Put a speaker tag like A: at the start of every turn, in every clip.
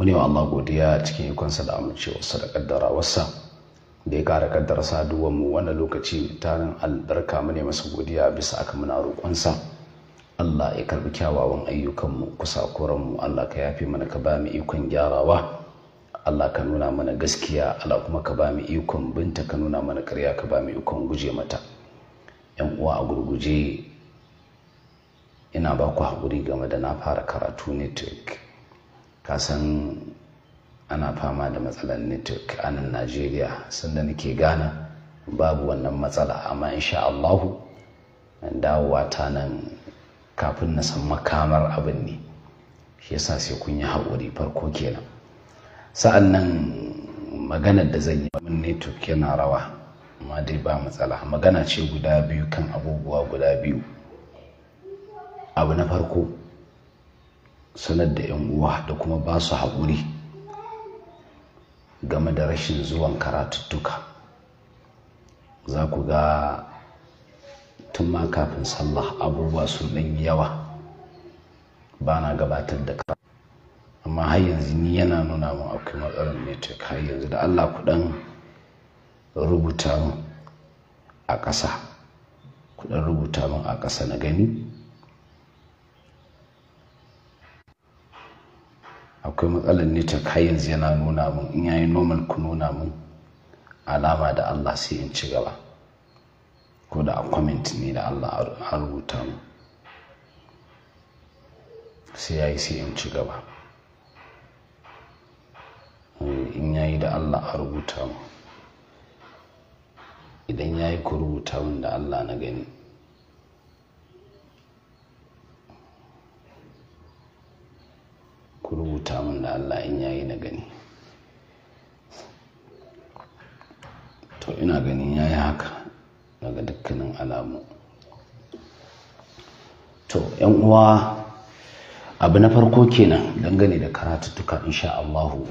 A: muni wa Allah godiya cikin ikonsa da amincewarsa da kaddarawarsa da ya kara kaddara saduwar mu wannan lokaci tarin albarka mune masa godiya bisa aka muna roƙonsa Allah ya karbi kyawawan ayyukanmu mu Allah ka yafe mana ka ba mu ikon gyarawa Allah ka nuna mana gaskiya Allah kuma ka ba mu ikon binta ka nuna mana karya ka ba mu ikon guje mata Ƴan uwa a gurguje ina ba ku haƙuri game da na fara karatu network kasan ana fama da matsalar network a nan najeriya sanda nake gana babu wannan matsala amma insha allahu dawowa ta nan kafin na san makamar abin ne shi yasa sai kun yi haƙuri farko kenan sa'an nan maganar da zan yi min network yana rawa amma dai ba matsala magana ce guda biyu kan abubuwa guda biyu abu na farko sanar da 'yan uwa da kuma ba su haƙuri game da rashin zuwan karatuttuka za ku ga tun ma kafin sallah abubuwa sun ɗan yawa ba na gabatar da karatu amma har yanzu ni yana nuna min akwai matsalar network har yanzu da allah ku ɗan rubuta mun a ƙasa ku ɗan rubuta a ƙasa na gani akwai matsalar network har yanzu yana nuna mun in yayi normal ku nuna mun alama da Allah sai in ci gaba ko da a comment ne da Allah a rubuta mu sai yayi sai in ci gaba eh, in yayi da Allah a rubuta mu idan yayi ku rubuta mun da Allah na gani rubuta min da Allah in yayi na gani to ina ganin yayi haka daga dukkanin alamu to yan uwa abu na farko kenan dangane da karatuttuka insha Allahu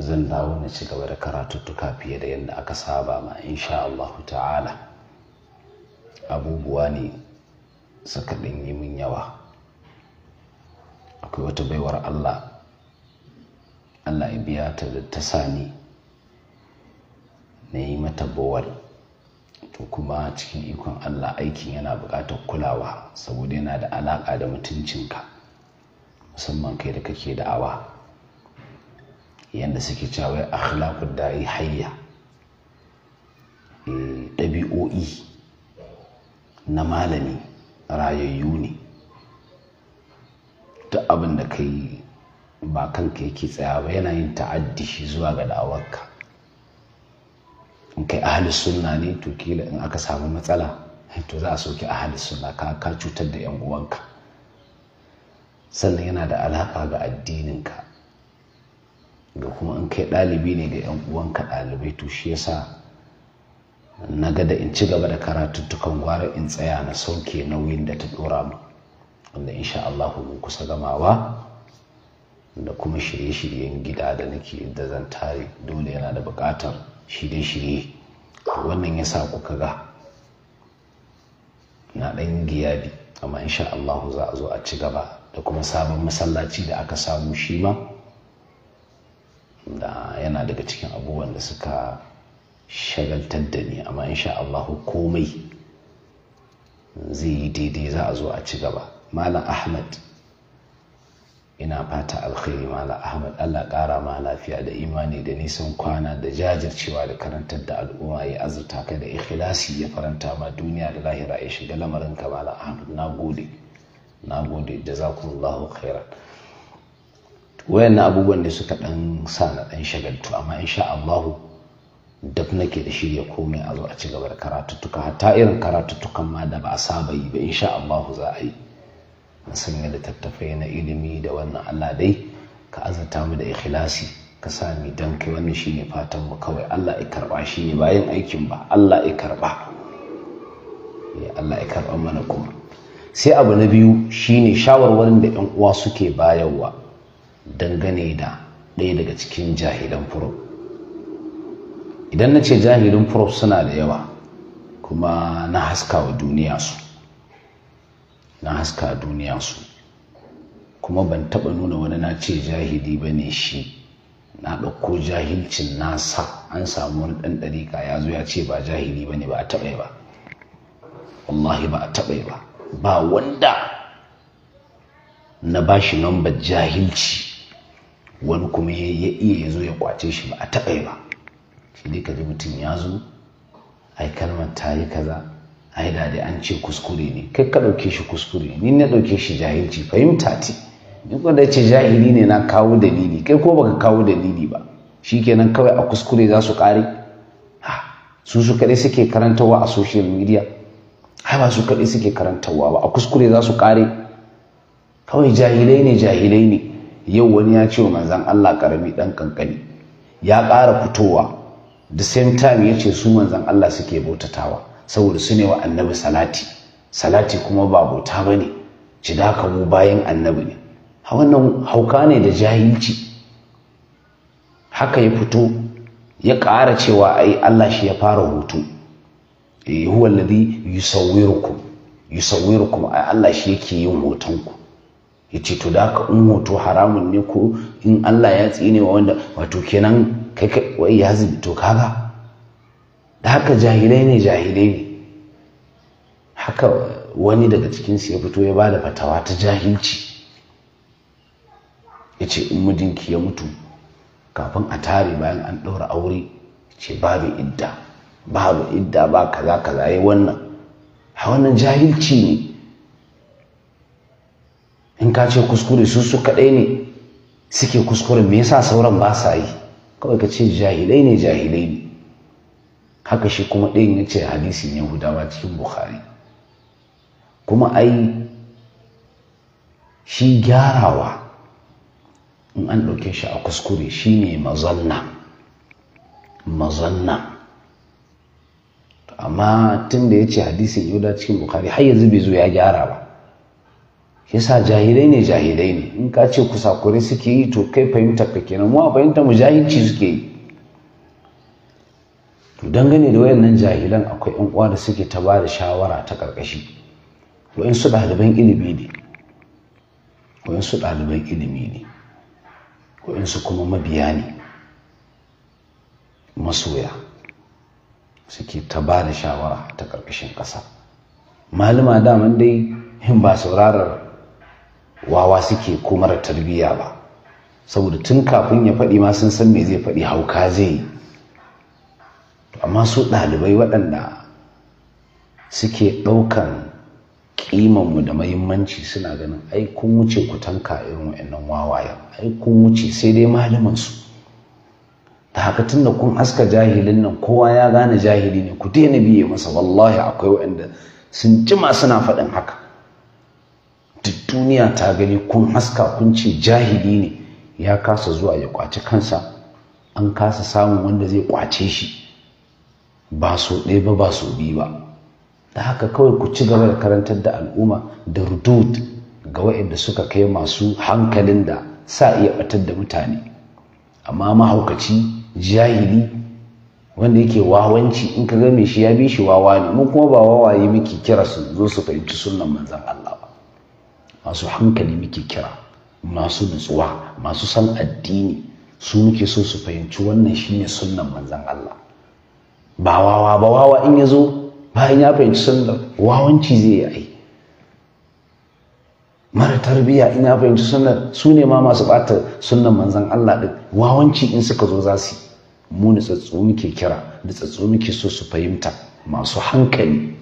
A: zan dawo na ci gaba da karatuttuka fiye da yadda aka saba ma insha Allahu ta'ala abubuwa ne suka ɗin yi min yawa akwai wata baiwar Allah Allah ya biya ta da ta sani na yi mata bowal to kuma cikin ikon Allah aikin yana buƙatar kulawa saboda yana da alaƙa da mutuncinka musamman kai da kake da awa. yadda suke cewa da da'i hayya eh, ɗabi'o'i na malami rayayyu ne duk abin da ka yi ba kanka yake tsaya ba yana yin ta'addi shi zuwa ga da'awarka in kai ahli sunna ne to kila in aka samu matsala to za a soke ahli sunna ka ka cutar da yan uwanka sannan yana da alaka ga addininka ga kuma in kai ɗalibi ne ga yan uwanka ɗalibai to shi yasa na ga da in ci gaba da karatuttukan gwara in tsaya na sauke nauyin da ta ɗora mu wanda insha Allah mun kusa gamawa da kuma shirye-shiryen gida da nake da zan tare dole yana da bukatar shirye-shirye wannan ya sa kuka ga na ɗan giyabi amma insha Allah za a zo a ci gaba da kuma sabon masallaci da aka samu shi ma da yana daga cikin abubuwan da suka shagaltar da ni amma insha Allah komai zai yi daidai za a zo a ci gaba Malam Ahmad ina fata alkhairi Malam Ahmad Allah ƙara ma lafiya da imani da nisan kwana da jajircewa da karantar da al'umma ya azurta kai da ikhlasi ya faranta ma duniya da lahira ya shiga lamarin ka Malam Ahmad na gode na gode jazakumullahu khairan wayannan abubuwan ne suka dan sa na dan shagaltu amma insha Allah duk nake da shirya komai a zo a ci gaba da karatuttuka hatta irin karatuttukan ma da ba a saba yi ba insha Allah za a yi yi littattafai na ilimi da wannan Allah dai ka azurta mu da ikhlasi ka sa mu dan kai wannan shine fatan mu kawai Allah ya karba shi ne bayan aikin ba Allah ya karba ya eh, Allah ya karba mana kuma sai abu na biyu shine shawarwarin da ɗan uwa suke bayarwa dangane da ɗaya daga cikin jahilan furo idan na ce jahilin furo suna da yawa kuma na haska wa duniya su na haska a duniya su kuma ban taɓa nuna wani na ce jahili ba ne shi na ɗauko jahilcin nasa an samu wani ɗan ɗarika ya zo ya ce ba jahili ba ne ba a taɓa ba wallahi ba a taɓa ba ba wanda na ba shi lambar jahilci wani kuma ya iya ya zo ya kwace shi ba a taɓa ba shi dai ji mutum ya zo ai kalmar ta yi kaza ai da dai an ce kuskure ne kai ka ɗauke shi kuskure ni na ɗauke shi jahilci fahimta ce in kwanda ce jahili ne na kawo dalili kai ko baka kawo dalili ba shikenan kawai a kuskure za su kare? su su suke karantawa a social media ai ba su kadai suke karantawa ba a kuskure za su kare? kawai jahilai ne jahilai ne yau wani ya ce wa manzan Allah karami dan kankani ya ƙara fitowa the same time ya ce su manzan Allah suke bautatawa saboda su ne wa annabi salati salati kuma ba bauta ba ne ci bayan annabi ne wannan hauka ne da jahilci haka ya fito ya ƙara cewa ai Allah shi ya fara hutu eh, huwa alladhi yusawwirukum yusawwirukum ai Allah shi yake yin hotonku yace to da in hoto haramun ne ko in Allah ya tsine wa wanda wato kenan kai kai wai ya to kaga da haka jahilai ne jahilai ne haka wani daga cikinsu ya fito ya ba da fatawa ta jahilci ya ce in mijinki ya mutu kafin a tare bayan an ɗaura aure ce babu idda babu idda ba kaza kaza ya wannan a wannan jahilci ne in ka ce kuskure su su kaɗai ne suke kuskure me yasa sauran ba sa yi kawai ka ce jahilai ne jahilai ne haka shi kuma ɗin ya ce hadisin yahudawa cikin bukhari kuma ai shi gyarawa in an ɗauke shi a kuskure shi ne mazanna mazanna amma tun da ya ce hadisin yahuda cikin bukhari har yanzu bai zo ya gyara ba yasa jahilai ne jahilai ne in ka ce kusa kusakure suke yi to kai fahimta ka kenan mu a fahimta mu jahilci suke yi dangane da wayannan jahilan akwai yan uwa da suke ta bada shawara ta karkashi su ɗaliban ilimi ne su daliban ilimi ne wa'yan su kuma mabiya ne masoya suke ta bada shawara ta karkashin ƙasa malama daman dai hin ba saurarar wawa suke ko mara tarbiyya ba saboda tun kafin ya faɗi ma sun san me zai faɗi hauka zai yi amma su ɗalibai waɗanda suke ɗaukan ƙimanmu da mahimmanci suna ganin ai kun wuce ku tanka irin wa'annan wawayen ai kun wuce sai dai malamansu ta haka tun da kun aska jahilin nan kowa ya gane jahili ne ku daina biye masa wallahi akwai waɗanda sun jima suna faɗin haka duk duniya ta gani kun haska kun ce jahili ne ya kasa zuwa ya kwaci kansa an kasa samun wanda zai kwace shi ba su ɗaya ba ba su biyu ba da haka kawai ku ci gaba da karantar da al'umma da rudud ga waɗanda suka kai masu hankalin da sa iya batar da mutane amma mahaukaci jahili wanda yake wawanci in ka game shi ya bi shi wawa ne mun kuma ba wawaye muke kira su zo su fahimci sunan manzan Allah ba masu hankali muke kira masu nutsuwa masu san addini su muke so su fahimci wannan shine sunan manzan Allah ba wawa ba wawa in ya zo bayan ya fahimci sunnar wawanci zai yi ai mara tarbiya in ya fahimci sunnar su ne ma masu bata sunnan manzan Allah ɗin wawanci in suka zo za su mu da tsatsu muke kira da tsatsu muke so su fahimta masu hankali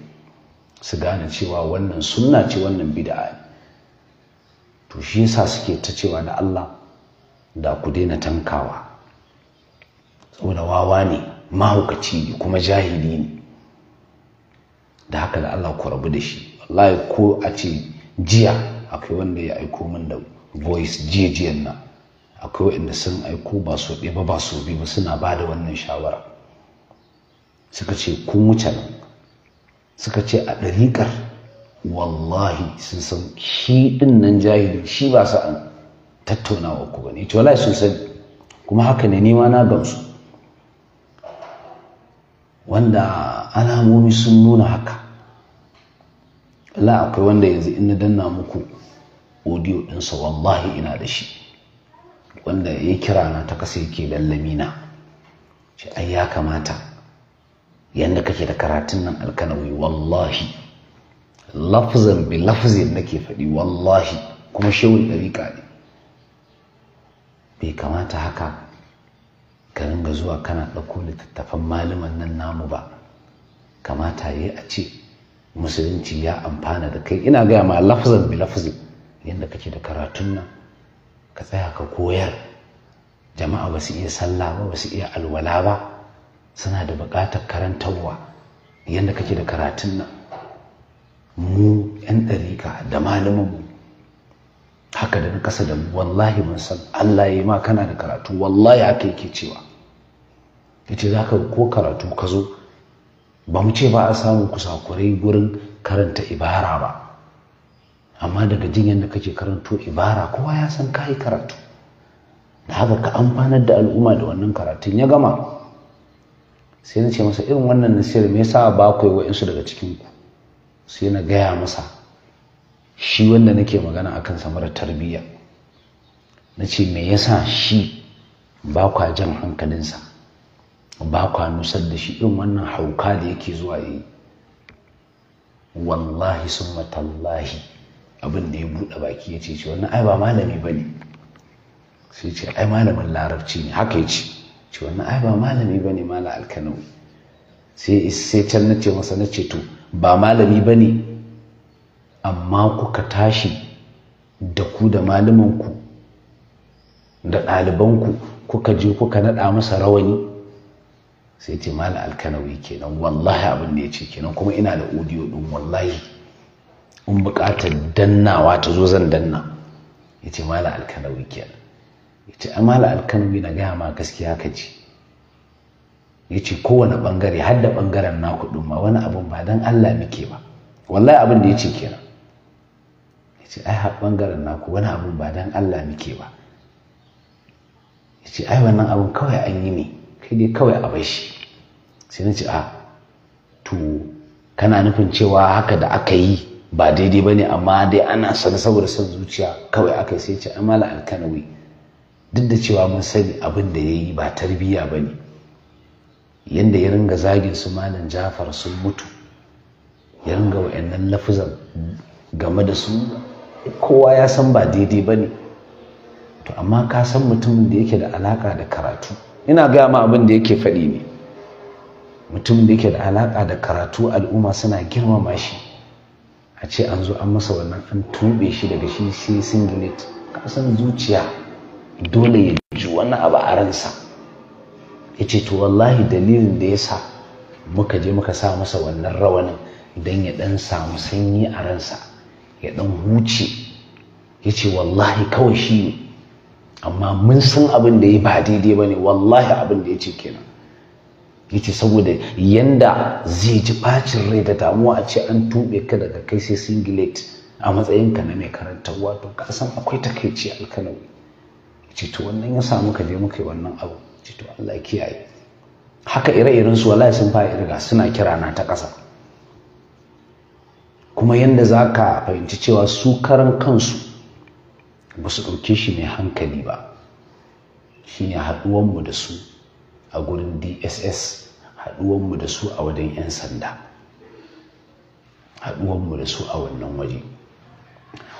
A: su gane cewa wannan sunna ce wannan bid'a ne to shi yasa suke ta cewa da Allah da ku daina tankawa saboda wawa ne mahaukaci ne kuma jahili ne da haka da Allah ku rabu da shi wallahi ko a ce jiya akwai wanda ya aiko min da voice jiya jiyan nan akwai wanda sun aiko ba so ɗaya ba ba so biyu ba suna ba da wannan shawara suka ce kun wuce nan suka ce a ɗariƙar wallahi sun san shi ɗin nan jahili shi ba sa'an tattaunawa ku ba ne ce wallahi sun sani kuma haka ne nima na gamsu wanda alamomi sun nuna haka Allah akwai wanda yanzu in na danna muku odiyo ɗinsa wallahi ina da shi wanda ya kira na ta kasa yake lallami na ce ai ya kamata yadda kake da karatun nan alkanawi wallahi lafzan bi lafzin nake faɗi wallahi kuma shewul ɗariƙa ne bai kamata haka ka ringa zuwa kana ɗauko littattafan malaman nan namu ba kamata ya a ce musulunci ya amfana da kai ina gaya ma lafazin bi lafazin yadda kake da karatun nan ka tsaya ka koyar jama'a ba su iya sallah ba ba su iya alwala ba suna da buƙatar karantarwa yadda kake da karatun nan mu 'yan ɗarika da malaman mu haka da na ƙasa da mu wallahi mun san Allah ya ma kana da karatu wallahi haka yake cewa ta ce za ka ko karatu ka zo ba mu ce ba a samun kusakurai gurin karanta ibara ba amma daga jin yadda kake karanto ibara kowa ya san ka yi karatu da haka ka amfanar da al'umma da wannan karatun ya gama sai na ce masa irin wannan nasiyar me yasa ba ku wa'insu daga cikin ku sai na gaya masa shi wanda nake magana akan kan samar tarbiyya na ce me yasa shi ba jan hankalinsa ba kwa nusar da shi irin wannan hauka da yake zuwa yi wallahi sun matallahi abin da ya buɗe baki ya ce ce wannan ai ba malami ba ne sai ce ai malamin larabci ne haka ya ce ce wannan ai ba malami ba ne mala alkanau sai can na ce masa na ce to ba malami ba ne amma kuka tashi da ku da malamanku da ɗalibanku kuka je kuka naɗa masa rawani sai ce mala alkanawi kenan wallahi abin da ya ce kenan kuma ina da audio din wallahi in buƙatar dannawa ta zo zan danna ya ce mala alkanawi kenan ya ce mala alkanawi na gaya ma gaskiya ka ce ya ce kowane ɓangare har da ɓangaren naku ɗin ma wani abin ba don allah muke ba wallahi abin da ya ce kenan ya ce ai har ɓangaren naku wani abin ba don allah muke ba ya ce ai wannan abin kawai an yi ne kai dai kawai a shi sai na ce a to kana nufin cewa haka da aka yi ba daidai ba ne amma dai ana sana saboda son zuciya kawai aka sai ce amala alkanawi duk da cewa mun sani abin da ya yi ba tarbiyya ba ne yadda ya ringa zagin su malam jafar sun mutu ya ringa wa'annan lafuzan game da su kowa ya san ba daidai ba ne to amma ka san mutumin da yake da alaka da karatu ina gaya ma abin da yake faɗi ne mutum da yake da alaƙa da karatu al'umma suna girmama shi a ce an zo an masa wannan an tuɓe shi daga shi sai singlet kasan zuciya dole ya ji wani abu a ransa ya ce to wallahi dalilin da ya sa muka je muka sa masa wannan rawanin don ya ɗan samu sanyi a ransa ya ɗan huce ya ce wallahi kawai shi ne amma mun san abin da ya ba daidai ba ne wallahi abin da ya ce kenan ya ce saboda yanda zai ji bacin rai da damuwa a ce an tuɓe ka daga kai sai singlet a matsayin ka na mai karantarwa to kasan akwai takaici alkanawi ce to wannan ya samu ka je muka yi wannan abu ce to Allah kiyaye haka ire-iren su wallahi sun fara irga suna kira na ta ƙasa kuma yanda za ka fahimci cewa su karan kansu ba su ɗauke shi mai hankali ba shine haɗuwanmu da su a gurin dss haɗuwanmu da su a wajen 'yan sanda haɗuwanmu da su a wannan waje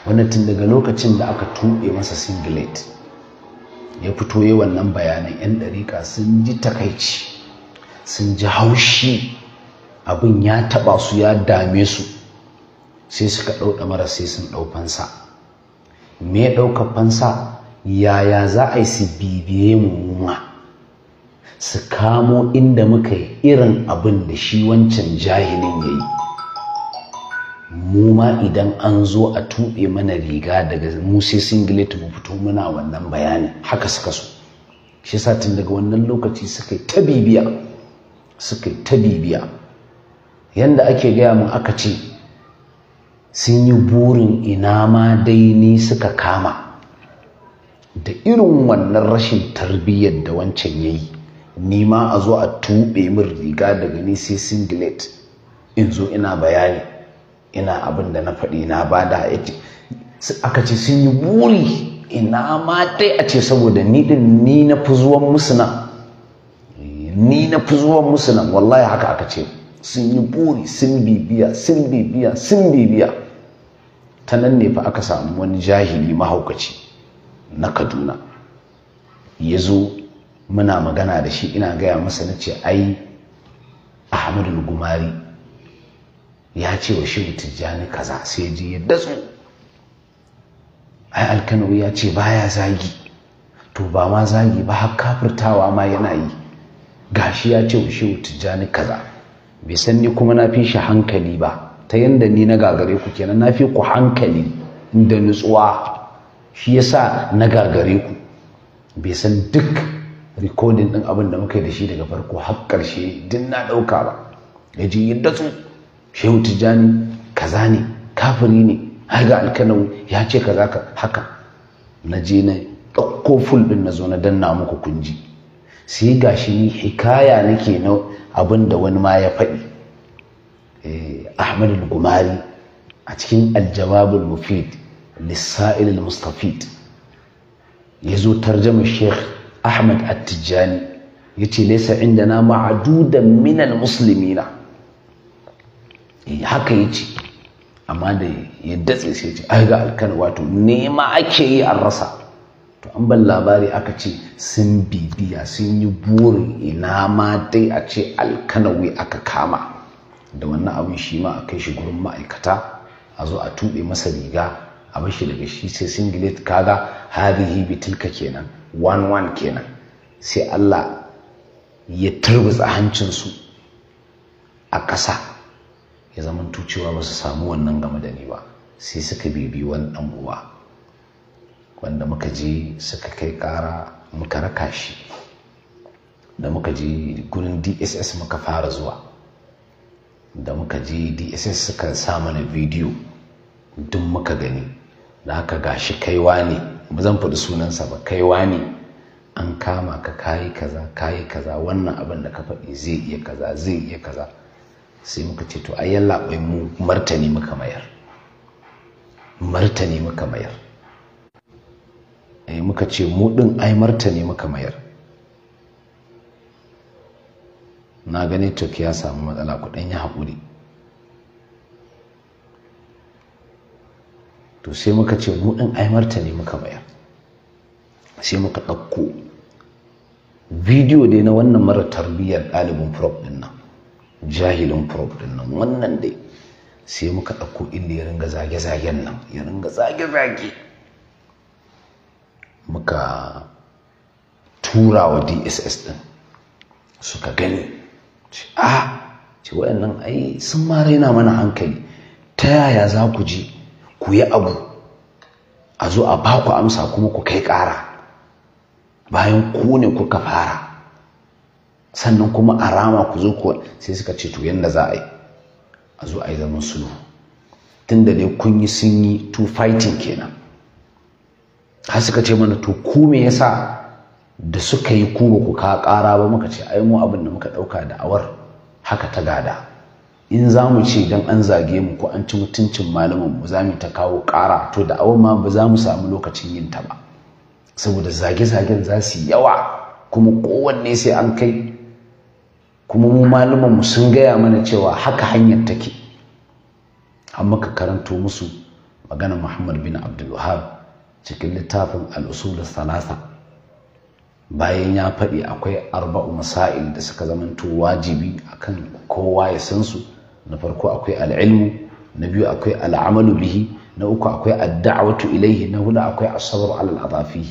A: wannan tun daga lokacin da aka tuɓe masa singlet ya fito yi wannan bayanan 'yan ɗariƙa sun ji takaici sun ji haushi abin ya taɓa su ya dame su sai suka ɗauɗa mara sai sun ɗaufansa me ɗauka fansa yaya za a yi su bibiye mu ma su kamo inda muka yi irin abin da shi wancan jahilin ya yi Muma idan an zo a tuɓe mana riga daga mu sai singlet mu fito muna wannan bayanin haka suka so shi sa daga wannan lokaci suka yi ta bibiya suka yanda ake gaya mu aka ce sun yi burin ina ma dai ni suka kama da irin wannan rashin tarbiyyar da wancan ya yi ni ma a zo a tuɓe min riga daga ni sai singlet in zo ina bayani ina abin da na faɗi na ba da aka ce sun yi buri ina
B: ma dai a
A: ce saboda ni ni na fi zuwan musuna ni na fi zuwan musuna wallahi haka aka ce sun yi buri sun bibiya sun bibiya sun bibiya ta nan ne fa aka samu wani jahili mahaukaci na kaduna ya zo muna magana da shi ina gaya masa na ce ai ahmadu gumari ya ce wa shehu tijjani kaza sai ji ya datsu ai alkano ya ce baya zagi to ba ma zagi ba har kafirtawa ma yana yi gashi ya ce wa shehu tijjani kaza bai san ni kuma na fi shi hankali ba ta yanda ni na gagare ku kenan na fi ku hankali da nutsuwa shi ya sa na gagare ku bai san duk rikodin ɗin abin da muka yi da shi daga farko har ƙarshe duk na ɗauka ba ya ji yadda tsu shehu tijjani kaza ne kafiri ne har ga alkanau ya ce kaza ka haka na je na ɗauko ful ɗin na zo na danna muku kunji sai shi ni hikaya nake na abin da wani ma ya faɗi Eh, ahmad al-gumari a cikin aljawabul mufid lissa'il al-mustafid ya zo tarjama sheikh ahmad at-tijjani ya ce laisa inda na ma'adudan minal musulmina eh, haka ya ce amma da ya datse sai ce ai ga alkan wato nema ake yi an rasa to an ban labari aka ce sun bibiya sun yi burin ina ma dai a ce alkanawi aka kama da wannan abin shi ma a kai shi gurin ma'aikata a zo a tuɓe masa riga a bashi daga shi sai singlet kaga hadihi bi tilka kenan one one kenan sai Allah ya turbutsa su a ƙasa ya zama tucewa ba su samu wannan game da ni ba sai suka bibi wani ɗan uwa wanda muka je suka kai ƙara muka raka shi da muka je gurin dss muka fara zuwa da muka je dss sukan sa mana bidiyo duk muka gani da haka gashi kaiwa ne ba zan faɗi sunansa ba kaiwa ne an kama ka kayi kaza kayi kaza wannan abin da ka faɗi zai iya kaza zai iya kaza sai muka ce to ai yalla mu martani muka mayar martani muka mayar eh, muka ce mu din ai martani muka mayar na gani tok ya samu matsala kuɗin ya haƙuri to sai muka ce mu ɗin aimarta ne muka bayar sai muka ɗauko bidiyo dai na wannan mara tarbiyyar ɗalibin prop ɗin nan jahilin prop ɗin nan wannan dai sai muka ɗauko inda ya ringa zage-zagen nan ya ringa
C: zage-zage
A: muka tura wa dss ɗin suka gani ce a ce waɗannan ai sun ma raina mana hankali ta yaya za ku je ku yi abu a zo a ba ku amsa kuma ku kai ƙara bayan ku ne kuka fara sannan kuma a rama ku zo ku sai suka ce to yanda za a yi a zo a yi zaman sulhu tunda dai kun yi sun yi to fighting kenan har suka ce mana to ku me yasa da suka yi ku ba ku ka ƙara ba muka ce ai mu abin da muka ɗauka da awar haka ta gada in za mu ce don an zage mu ko an ci mutuncin malamin mu za mu ta kawo ƙara to da awar ma ba za mu samu lokacin yin ta ba saboda zage-zagen za su yawa kuma kowanne sai an kai kuma mu malamin mu sun gaya mana cewa haka hanyar take an maka karanto musu magana muhammad bin abdul cikin littafin al-usul salasa bayan ya faɗi akwai arba'u masail da suka zamanto wajibi akan kowa ya san su na farko akwai al'ilmu na biyu akwai al'amalu bihi na uku akwai adda'awatu ilaihi na hudu akwai asabar alal adafi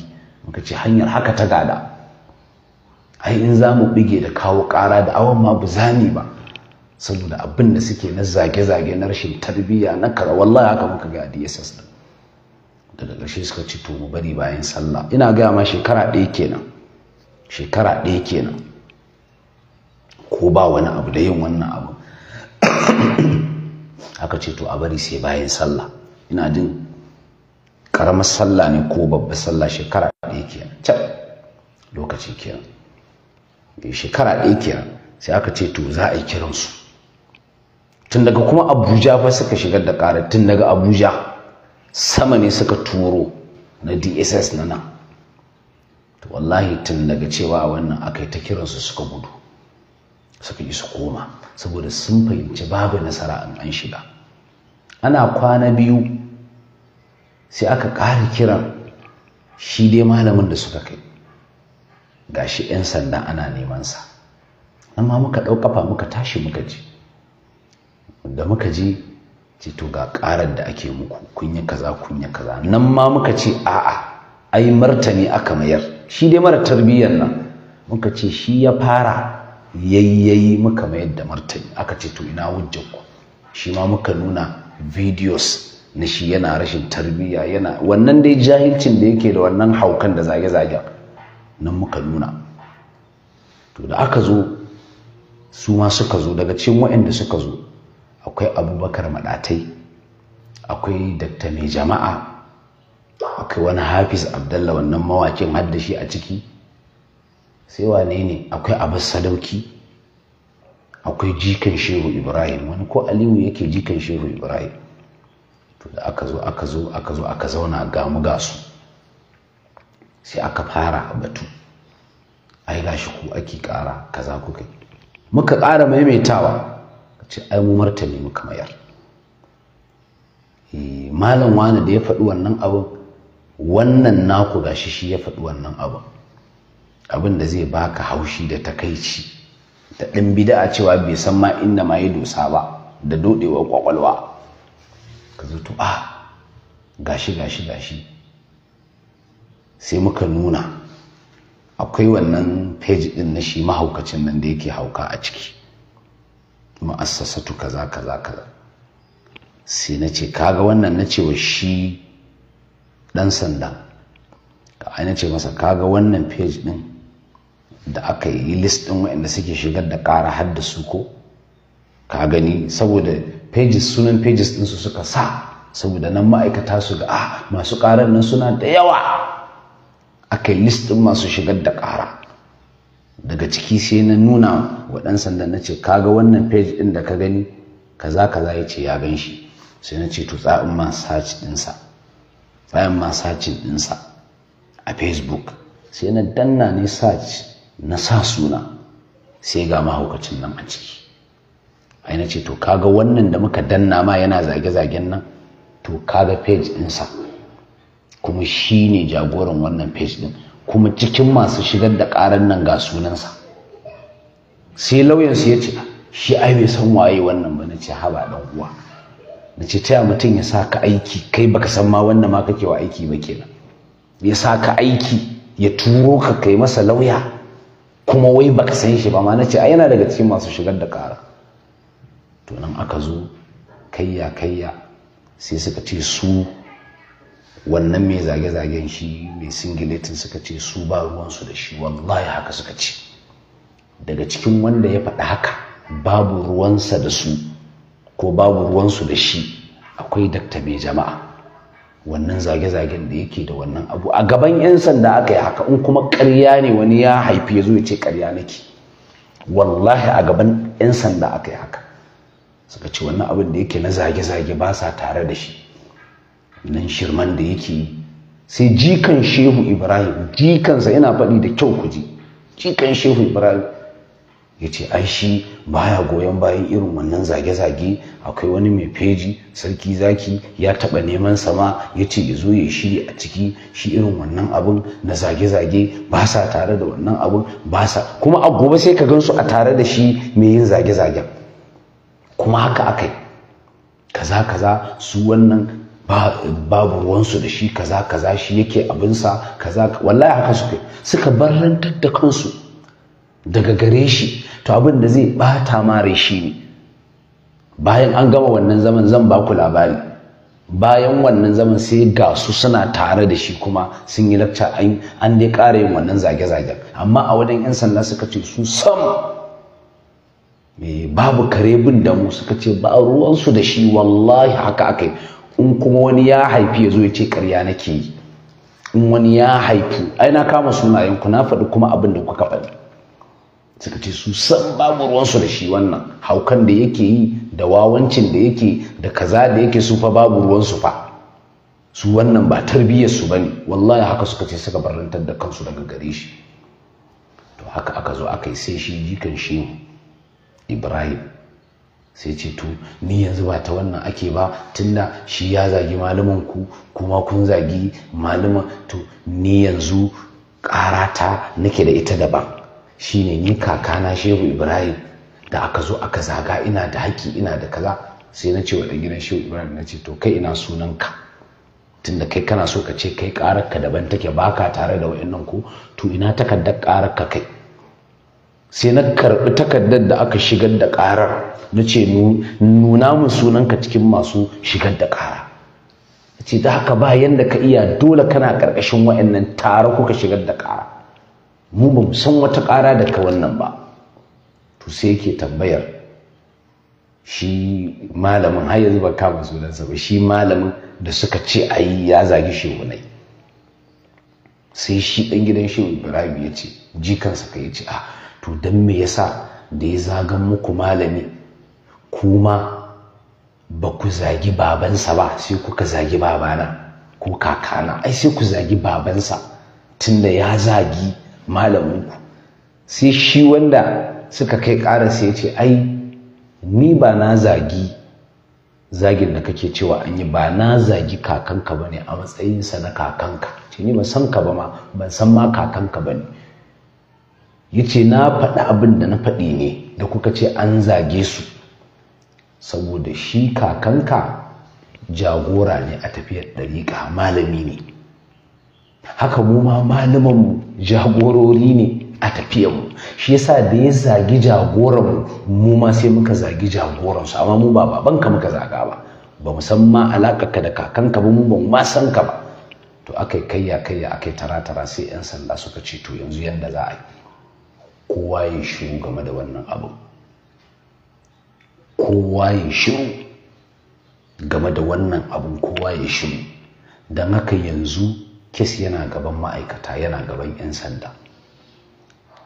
A: muka ce hanyar haka ta gada ai in za mu bige da kawo ƙara da awon ma bu zani ba saboda abin da suke na zage-zage na rashin tarbiyya na kaza wallahi haka muka ga DSS Da daga ƙarshe suka ci to bari bayan sallah ina gama shekara ɗaya kenan shekara ɗaya kenan ko ba wani abu da yin wannan abu aka ce to a bari sai bayan sallah ina jin ƙaramar sallah ne ko babbar sallah shekara ɗaya kenan can lokaci kenan eh, shekara ɗaya kenan sai aka ce to za a yi kiransu tun daga kuma abuja fa suka shigar da ƙara tun daga abuja sama ne suka turo na dss na nan wallahi tun daga cewa wannan aka yi ta kiransu suka gudu suka yi su koma saboda sun fahimci babu nasara an an shiga ana kwana biyu sai aka ƙara kiran shi dai malamin da suka kai gashi 'yan sanda ana neman sa amma muka ɗau ƙafa muka tashi muka ji da muka ji ce to ga ƙarar da ake muku kunya kaza kunya kaza nan ma muka ce a'a ai martani aka mayar shi dai mara tarbiyyar nan muka ce shi ya fara yayyayi muka mayar da martani aka ce to ina ku shi ma muka nuna videos na shi yana rashin tarbiyya yana wannan dai jahilcin da yake da wannan haukan da zage-zagen nan muka nuna to da aka zo su ma suka zo daga cikin waɗanda suka zo akwai abubakar maɗatai akwai dakta mai jama'a akwai wani hafiz abdalla wannan mawakin hadda shi a ciki sai wane ne akwai abu sadauki akwai jikan shehu ibrahim wani ko aliyu yake jikan shehu ibrahim to da aka zo aka zo aka zo aka zauna ga mu ga su sai aka fara batu ai gashi ku ake kara kaza ku kai muka kara maimaitawa ce ai mu martani muka mayar eh, malam wani da ya faɗi wannan abin wannan naku gashi shi ya faɗi wannan abin abin da zai baka haushi da takaici da ɗan a cewa bai san ma inda ma ya dosa ba da doɗewar kwakwalwa ka zo a ah, gashi gashi gashi sai muka nuna akwai wannan feji ɗin na shi mahaukacin nan da yake hauka a ciki ma'assasatu kaza kaza kaza sai na ce kaga wannan na cewa shi dan sanda aina ce masa kaga wannan page ɗin da aka yi list ɗin waɗanda suke shigar da ƙara har da su ko ka gani saboda pages sunan pages su suka sa saboda nan ma'aikata su ga ah masu ƙarar nan suna da yawa aka yi list ɗin masu shigar da ƙara daga ciki sai na nuna wa ɗan sanda na ce kaga wannan page ɗin da ka gani kaza kaza ya ce ya gan shi sai na ce to tsa'in ma search ɗinsa bayan ma sacin dinsa a facebook sai na danna ne search na sa suna sai ga mahaukacin nan a ciki ai na ce to kaga wannan da muka danna ma yana zage-zagen nan to kaga page dinsa kuma shi ne jagoran wannan page din kuma cikin masu shigar da karan nan ga sunansa sai lauyansu ya ce shi ai bai san waye wannan ba na ce haba ɗan uwa Na ce taya mutum ya sa ka aiki kai baka san ma wannan ma kake wa aiki ba kenan ya sa ka aiki ya turo ka kai masa lauya kuma wai baka san shi ba ma na ce a yana daga cikin masu shigar da ƙara to nan aka zo kayya kayya sai suka ce su wannan mai zage-zagen shi mai singiletin suka ce su ba ruwansu da shi wallahi haka suka ce daga cikin wanda ya faɗi haka babu ruwansa da su ko babu ruwansu da shi akwai dakta mai jama'a wannan zage-zagen da yake da wannan abu a gaban 'yan sanda aka yi haka in kuma karya ne wani ya haifi ya zo ya ce karya nake wallahi a gaban 'yan sanda aka yi haka suka ce wannan abin da yake na zage-zage ba sa tare da shi nan shirman da yake yi sai jikan shehu ibrahim jikansa yana faɗi da kyau ku ji jikan shehu ibrahim ya ce ai shi baya goyon bayan irin wannan zage-zage akwai wani mai feji sarki zaki ya taɓa neman sama ya ce ya zo ya shiri a ciki shi irin wannan abun na zage-zage ba sa tare da wannan abun ba sa kuma a gobe sai ka gansu a tare da shi mai yin zage-zagen kuma haka akai kaza-kaza su wannan babu ruwansu da shi kaza-kaza shi yake abinsa kaza wallahi haka suka suka barrantar da kansu daga gare shi to abin da zai bata mare shi ne bayan an gama wannan zaman zan ba ku labari bayan wannan zaman sai ga su suna tare da shi kuma sun yi lakca an dai ƙara yin wannan zage zage amma a wajen 'yan sanda suka ce su sam babu kare bin da mu suka ce ba ruwansu da shi wallahi haka aka yi in kuma wani ya haifi ya zo ya ce karya nake yi in wani ya haifi ai na kama sunayenku na faɗi kuma abin da kuka faɗi suka ce su san babu ruwansu da shi wannan haukan da yake yi da wawancin da yake da kaza da yake su fa babu ruwansu fa su wannan ba tarbiyyarsu ba ne wallahi haka suka ce suka barantar da kansu daga gare shi to haka aka zo aka yi sai shi jikan shi ibrahim sai ce to ni yanzu ba ta wannan ake ba tunda shi ya zagi malamin ku kuma kun zagi malama to ni yanzu ƙarata nake da ita daban shine ni kakana shehu ibrahim da aka zo aka zaga ina da haƙƙi ina da kaza sai na ce wa ɗan gidan shehu ibrahim na ce to kai ina sunanka tunda kai kana so ka ce kai ƙararka daban take baka tare da wa'annan ku to ina takardar ka kai sai na karɓi takardar da aka shigar da ƙarar na ce nuna min sunanka cikin masu shigar da ƙara ce ta haka ba yanda ka iya dole kana ƙarƙashin wa'annan tare kuka shigar da ƙara mu ba mu san wata ƙara daga wannan ba to sai yake tambayar shi malamin har yanzu ba kama sunansa ba shi malamin da suka ce a yi ya zagi nai sai shi ɗan gidan shehu ibrahim ya ce jikansa ka ya ce a ah, to don me yasa da ya zagan muku malami kuma ba ku zagi babansa ba sai kuka zagi babana ko kakana ai sai ku zagi babansa tunda ya zagi malaminku sai shi wanda suka kai ƙara sai ce ai ni ba na zagi zagin da kake cewa an yi ba na zagi kakanka ba ne a matsayinsa na kakanka ce ni ban san ka ba ma ban san ma kakanka ba ne ya ce na faɗi abin da na faɗi ne da kuka ce an zage su saboda shi kakanka jagora ne a tafiyar ɗariƙa malami ne haka mu ma malamanmu jagorori ne a mu shi yasa da ya zagi jagoran mu ma sai muka zagi jagoransu amma mu ba babanka muka zaga ba ba mu san ma ka da kakanka ba mu ba mu san ka ba to akai kayya kayya akai tara tara sai yan sanda suka ce to yanzu yanda za a yi kowa ya shiru game da wannan abu kowa ya shiru game da wannan abun kowa ya shiru don haka yanzu kes yana gaban ma'aikata yana gaban 'yan sanda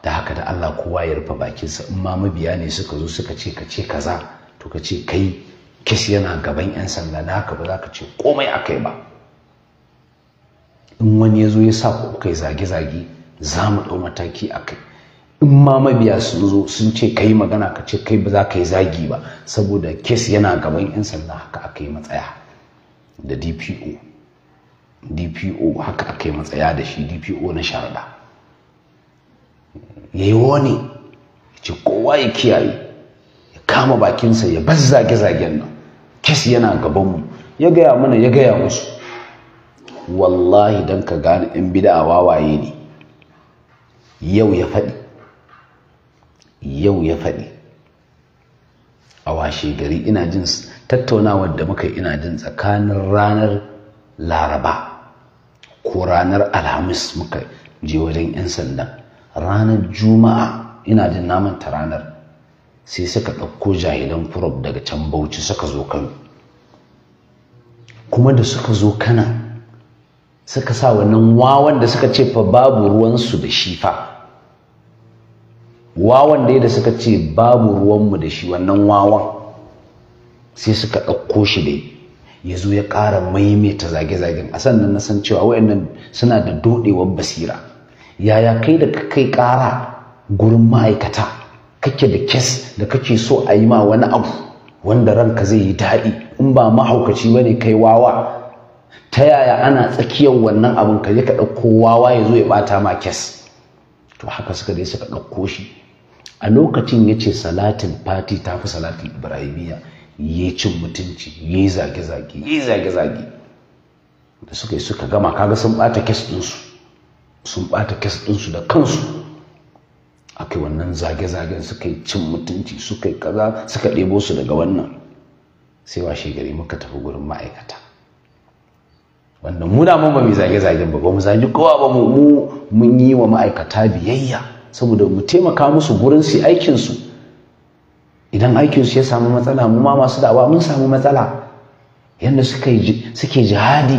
A: da haka da Allah kowa ya rufe bakinsa in ma mabiya ne suka zo suka ce ka ce kaza to ka ce kai kes yana gaban 'yan sanda da haka ba za ka ce komai a kai ba in wani ya zo ya sa ku kai zage-zage za mu ɗau mataki a kai in ma mabiya sun zo sun ce ka yi magana ka ce kai ba za ka yi zagi ba saboda kes yana gaban 'yan sanda haka aka yi matsaya da dpo dpo haka aka yi matsaya da shi dpo na sharda ya yi wani ce kowa ya kiyaye ya kama bakinsa ya bar zage-zagen nan kes yana gabanmu ya gaya mana ya gaya musu wallahi don ka gane 'yan bida wawaye ne yau ya faɗi yau ya faɗi a washe gari ina jin tattaunawar da muka ina jin tsakanin ranar laraba ko ranar alhamis muka je wajen 'yan sanda ranar juma'a ina jin namanta ranar sai suka ɗauko jahilan furof daga can bauchi suka zo kano kuma da suka zo kana suka sa wannan wawan da suka ce fa babu ruwansu da shi fa wawan da da suka ce babu ruwanmu da shi wannan wawan sai suka ɗauko shi dai ya zo ya ƙara maimaita zage-zagen a sannan na san cewa wayannan suna da doɗewar basira yaya kai da kai ƙara gurin ma'aikata kake da kes da kake so a yi ma wani abu wanda ranka zai yi daɗi in ba mahaukaci ba ne kai wawa ta yaya ana tsakiyar wannan abin ka je ka ɗauko wawa ya zo ya ɓata ma kes to haka suka dai suka ɗauko shi a lokacin ya ce salatin fati ta fi salatin ibrahimiyya ya cin mutunci ya yi zage-zage ya yi zage-zage da suka yi suka gama kaga sun bata kes ɗinsu sun bata kes ɗinsu da kansu aka wannan zage-zagen suka yi cin mutunci suka yi kaza suka ɗebo su daga wannan sai washe gari muka tafi gurin ma'aikata wanda mu da ba mu zage-zagen ba ba mu zage kowa ba mu mun yi wa ma'aikata biyayya saboda mu taimaka musu gurin su aikinsu idan aikinsu ya samu matsala mu ma masu da'awa mun samu matsala yadda suke jihadi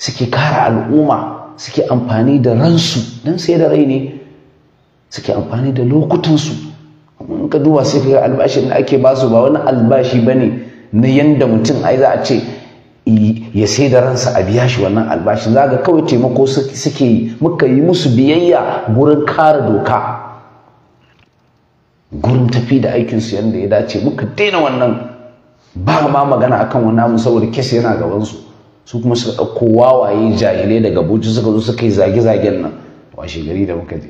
A: suke kara al'umma suke amfani da ransu don sai da rai ne suke amfani da lokutansu in ka duba sai ka albashin da ake basu ba wani albashi ba ne na yadda mutum ai za a ce ya sai da ransa a biya shi wannan albashin za ga kawai taimako suke yi muka yi musu biyayya gurin kara doka gurin tafi da aikin su yadda ya dace muka daina wannan ba ma magana akan wani namu saboda kes yana gabansu su kuma su ɗauko wawaye jahilai daga buci suka zo suka yi zage-zagen nan washe gari da muka je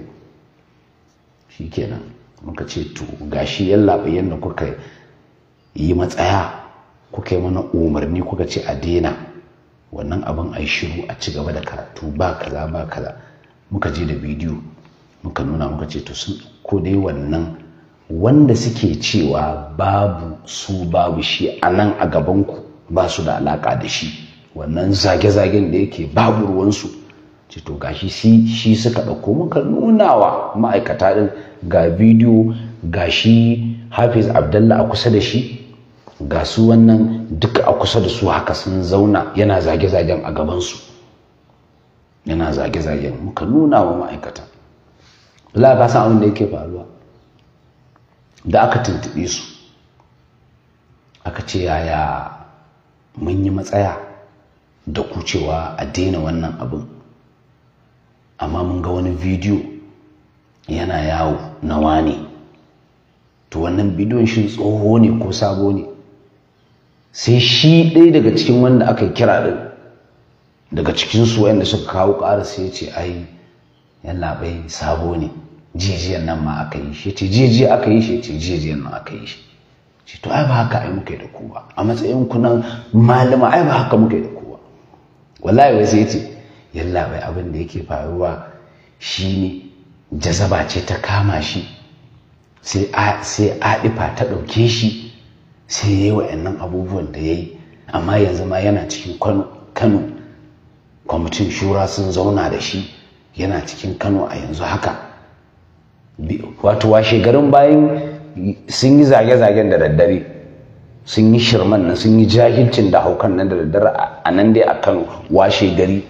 A: shi kenan muka ce to gashi labayen da kuka yi matsaya kuka yi mana umarni kuka ce a daina wannan abin a yi shiru a ci gaba da karatu ba kaza ba kaza muka je da bidiyo muka nuna muka ce to sun ko dai wannan wanda suke cewa babu su babu shi a nan a gabanku ba su da alaƙa da shi wannan zage-zagen da yake babu ruwansu ce to gashi si shi suka ɗauko muka wa ma'aikata ɗin ga bidiyo ga shi hafiz abdallah a kusa da shi ga su wannan duk a kusa da su haka sun zauna yana zage-zagen a gabansu yana zage-zagen muka nuna wa ma'aikata la ka san abin da yake faruwa da aka tuntuɓe su aka ce yaya mun yi matsaya da kucewa a daina wannan abin amma mun ga wani bidiyo yana yawo na wane to wannan bidiyon shi tsoho ne ko sabo ne sai shi ɗaya daga cikin wanda aka yi kira ɗin daga cikinsu wayanda suka kawo ƙara sai ya ce ai labai sabo ne jijiyan nan ma aka yi shi ce jijiya aka yi shi ce jijiyan nan aka yi shi ce to ai ba haka ai muke da kowa a matsayin ku malama ai ba haka muke da kowa wallahi wai sai ce yalla bai abin da yake faruwa shine jazaba ce ta kama shi sai sai adifa ta dauke shi sai yayi wayannan abubuwan da yayi amma yanzu ma yana cikin Kano Kano kwamitin shura sun zauna da shi yana cikin Kano a yanzu haka wato washe garin bayan sun yi zage-zagen da daddare sun yi shirman nan sun yi jahilcin da haukan nan da daddare a nan dai a kano washe gari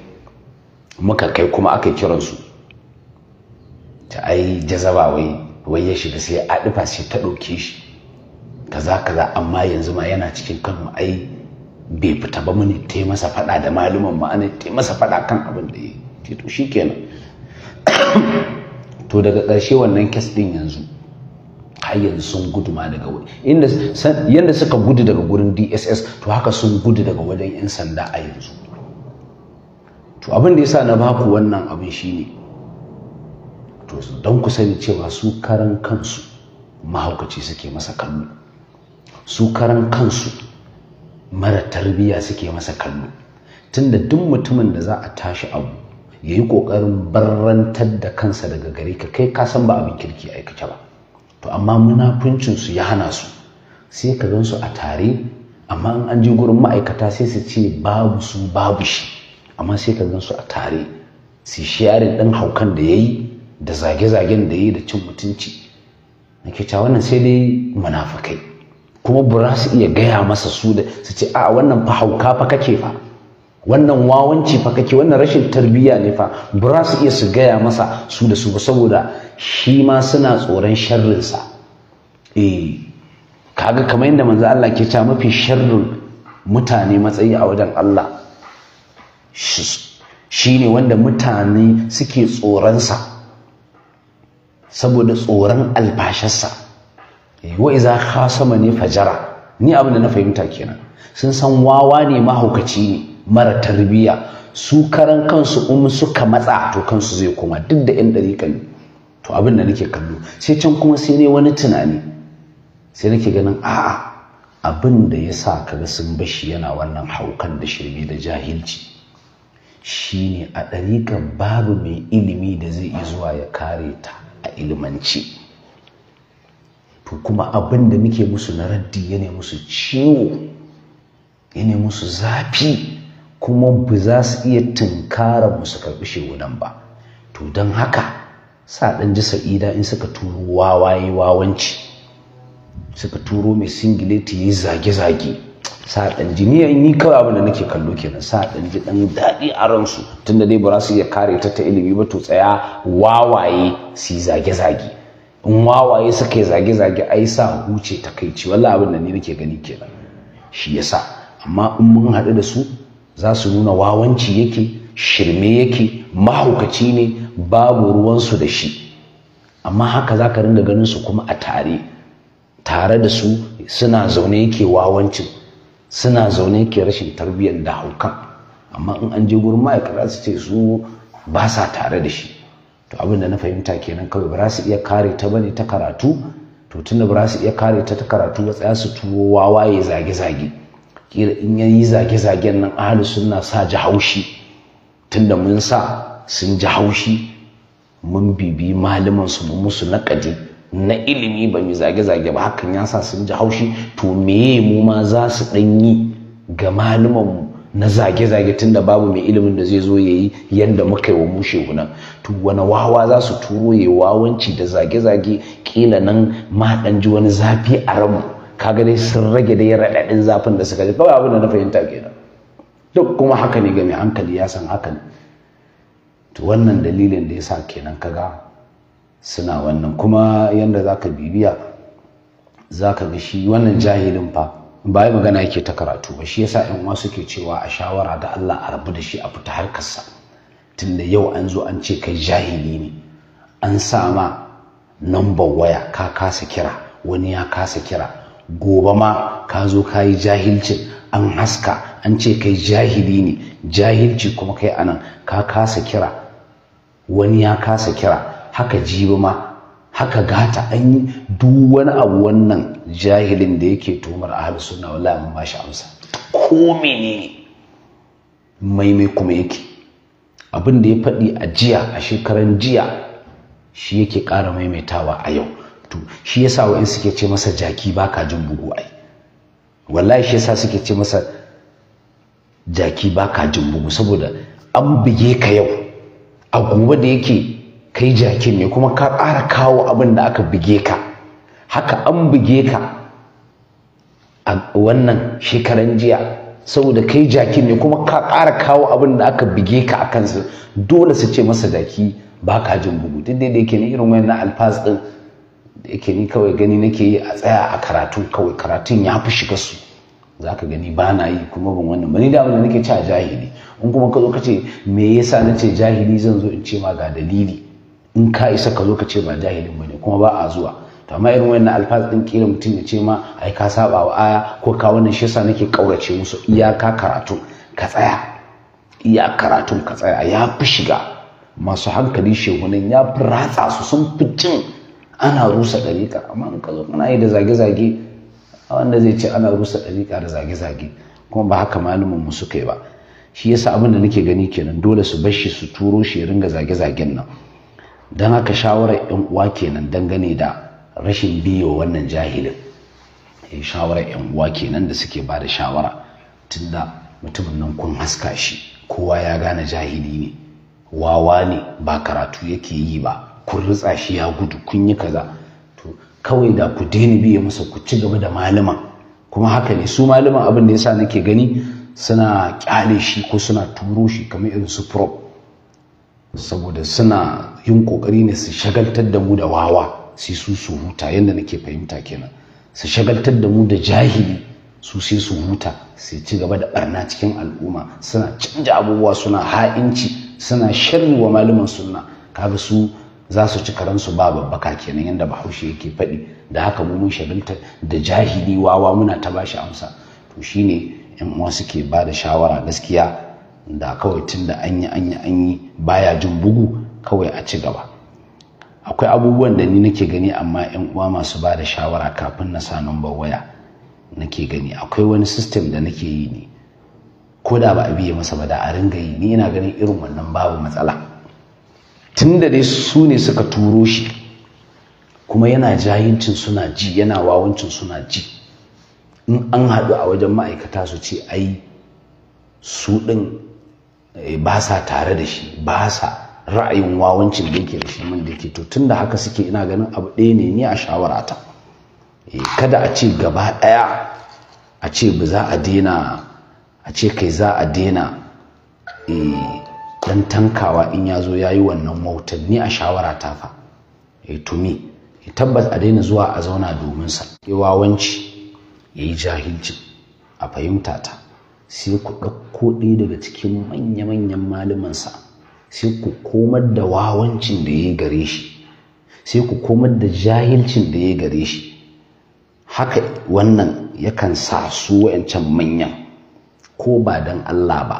A: muka kai kuma aka kiransu ta ai jazaba wai wai ya shiga sai a dufa sai ta ɗauke shi kaza kaza amma yanzu ma yana cikin kano ai bai fita ba mune ta masa faɗa da maluman ma'ana ta masa faɗa kan abin da ya to shi kenan to daga ƙarshe wannan kes ɗin yanzu har yanzu sun gudu ma daga inda yanda suka gudu daga gurin DSS to haka sun gudu daga wajen 'yan sanda a yanzu to abin da yasa na baku wannan abin shine to don ku sani cewa su karan kansu mahaukaci suke masa kallo su karan kansu mara tarbiyya suke masa kallo tunda duk mutumin da za a tashi abu ya yi ƙoƙarin barrantar da kansa daga gare ka kai ka san ba abin kirki aikace ba to amma munafuncinsu ya hana su sai ka gan a tare amma in an je gurin ma'aikata sai su ce babu su babu shi amma sai ka gan su a tare su sharing ɗin haukan da ya yi da zage-zagen da ya yi da cin mutunci nake cewa wannan sai dai munafukai kuma ba su iya gaya masa su da su ce a wannan fa hauka fa kake fa wannan wawanci fa kake wannan rashin tarbiyya ne fa ba su iya su gaya masa su da su ba saboda shi ma suna tsoron sharrinsa eh kaga kamar yadda manzo Allah ke cewa mafi sharrin mutane matsayi a wajen Allah shi ne wanda mutane suke tsoronsa saboda tsoron wai eh, wa iza khasama ne fajara ni abin da na fahimta kenan sun san wawa ne mahaukaci ne mara tarbiyya su karan kansu in suka matsa to kansu zai koma duk da 'yan ne to abin da nake kallo sai can kuma sai ne wani tunani sai nake ganin a'a abin da ya sa kaga sun bashi yana wannan haukan da shirme da jahilci shi ne a ɗariƙan babu mai ilimi da zai iya zuwa ya kare ta a ilimanci to kuma abin da muke musu na raddi ya musu ciwo ya musu zafi kuma ba za su iya tunkara mu su karɓi nan ba to don haka sa ɗan ji sa'ida in suka turo wawaye wawanci suka turo mai singileti ya yi zage-zage sa ɗan ji ni kawai abin da nake kallo kenan sa ɗan ji ɗan daɗi a ransu tunda dai ba za su iya kare ta ta ilimi ba to tsaya wawaye su yi zage-zage in wawaye suka yi zage-zage ai sa huce ta takaici wallahi abin da ni nake gani kenan shi yasa amma in mun haɗu da su za su nuna wawanci yake shirme yake mahaukaci ne babu ruwansu da shi amma haka za ka ringa ganin su kuma a tare tare da su suna zaune yake wawancin suna zaune yake rashin tarbiyyar da hauka amma in an je gurin ma'aikata su ce su ba sa tare da shi to abin da na fahimta kenan kawai ba za su iya kare ta bane ta karatu to tunda ba za su iya kare ta ta karatu ba tsaya su tuwo wawaye zage-zage kira in yayi zage-zagen nan ahlus sunna sa ji haushi tunda mun sa sun ji haushi mun bibi malaman su mun musu naƙadi na ilimi ba mu zage-zage ba hakan yasa sun ji haushi to meye mu ma za su ɗan yi ga malaman mu na zage-zage tunda babu mai ilimin da zai zo ya yi yadda muka yi wa mushe guna to wani wawa za su turo ya wawanci da zage-zage kila nan ma ɗan ji wani zafi a ramu. kaga dai sun rage dai raɗaɗin zafin da suka ji kawai abin da na fahimta kenan duk kuma haka ne ga mai hankali ya san haka ne to wannan dalilin da ya sa kenan kaga suna wannan kuma yanda zaka bibiya zaka ga shi wannan jahilin fa ba yi magana yake ta karatu ba shi yasa ɗan uwa suke cewa a shawara da Allah a rabu da shi a fita harkarsa tunda yau an zo an ce kai jahili ne an sa ma number waya ka kasa kira wani ya kasa kira gobe ma ka zo ka yi jahilcin an haska an ce kai jahili ne jahilci kuma kai anan ka kasa kira wani ya kasa kira haka jibi ma haka gata an yi duk wani abu wannan jahilin da yake tumar ahal suna wala mun ba shi amsa
B: ko menene
A: maimai kuma yake abin da ya faɗi a jiya a shekaran jiya shi yake ƙara maimaitawa a yau to shi yasa wa'in suke ce masa jaki baka jin bugu ai wallahi shi yasa suke ce masa jaki baka jin bugu saboda an bige ka yau a gobe da yake kai jakin ne kuma ka ƙara kawo abin da aka bige ka haka an bige ka a wannan shekaran jiya saboda kai jakin ne kuma ka ƙara kawo abin da aka bige ka a kansu dole su ce masa jaki ba ka jin bugu duk da yake ne irin wannan alfas ɗin da yake ni kawai gani nake yi a tsaya a karatu kawai karatun ya fi shiga su za ka gani ba na yi kuma ban wannan bani da abin da nake a jahili in kuma ka zo ka ce me yasa na ce jahili zan zo in ce ma ga dalili in ka isa ka zo ka ce ba jahilin bane kuma ba a zuwa to amma irin wannan alfaz din kila mutum ya ce ma ai ka saba wa aya ko ka wannan shi yasa nake kaurace musu iyaka karatu ka tsaya iya karatun ka tsaya ya fi shiga masu hankali shegunan ya fi ratsa su sun fi jin ana rusa ɗariƙa amma in ka zo muna yi da zage-zage a wanda zai ce ana rusa ɗariƙa da zage-zage kuma ba haka malumin mu suka yi ba shi yasa abin da nake gani kenan dole su bar shi su turo shi ya ringa zage-zagen nan don haka shawarar yan uwa kenan dangane da rashin biyo wannan jahilin eh, shawarar yan uwa kenan da suke ba da shawara tunda mutumin nan kun haska shi kowa ya gane jahili ne wawa ne ba karatu yake yi ba kun ritsa shi ya gudu kun yi kaza to kawai da ku daina biye masa ku ci gaba da malaman kuma haka ne su malaman abin da yasa nake gani suna kyale shi ko suna turo shi kamar irin su prop saboda suna yin kokari ne su shagaltar da mu da wawa sai su su huta yadda nake fahimta kenan su shagaltar da mu da jahili su sai su huta sai ci gaba da barna cikin al'umma suna canja abubuwa suna ha'inci suna sharri wa malaman sunna kaga su za su ci karansu ba babbaka kenan yadda bahaushe yake faɗi da haka mu mun shagalta da jahili wawa muna ta bashi amsa to shine yan uwa suke ba da shawara gaskiya da kawai tun da an yi an yi an baya jin bugu kawai a ci gaba akwai abubuwan da ni nake gani amma yan uwa masu ba da shawara kafin na sa number waya nake gani akwai wani system da nake yi ne ko da ba a biye masa ba da a ringa yi ni ina ganin irin wannan babu matsala tun da dai su ne suka turo shi kuma yana jahincin suna ji yana wawancin suna ji in an haɗu a wajen ma'aikata su ce ai su ɗin eh, ba sa tare da shi ba sa ra'ayin wawancin da yake da shi man da ke to tun da haka suke ina ganin abu ɗaya ne ni a shawara ta. Eh, kada a ce gaba ɗaya a ce ba za a daina a ce kai za a daina eh, dan tankawa in ya zo ya yi wannan mautanni a shawara ta fa ya tumi ya tabbas a daina zuwa a zauna domin sa ya wawanci ya yi jahilci a fahimta ta sai ku ɗauko ɗaya daga cikin manya-manyan malumansa sai ku komar da wawancin da ya yi gare shi sai ku komar da jahilcin da ya yi gare shi haka wannan yakan sa su wayancan manyan ko ba don Allah ba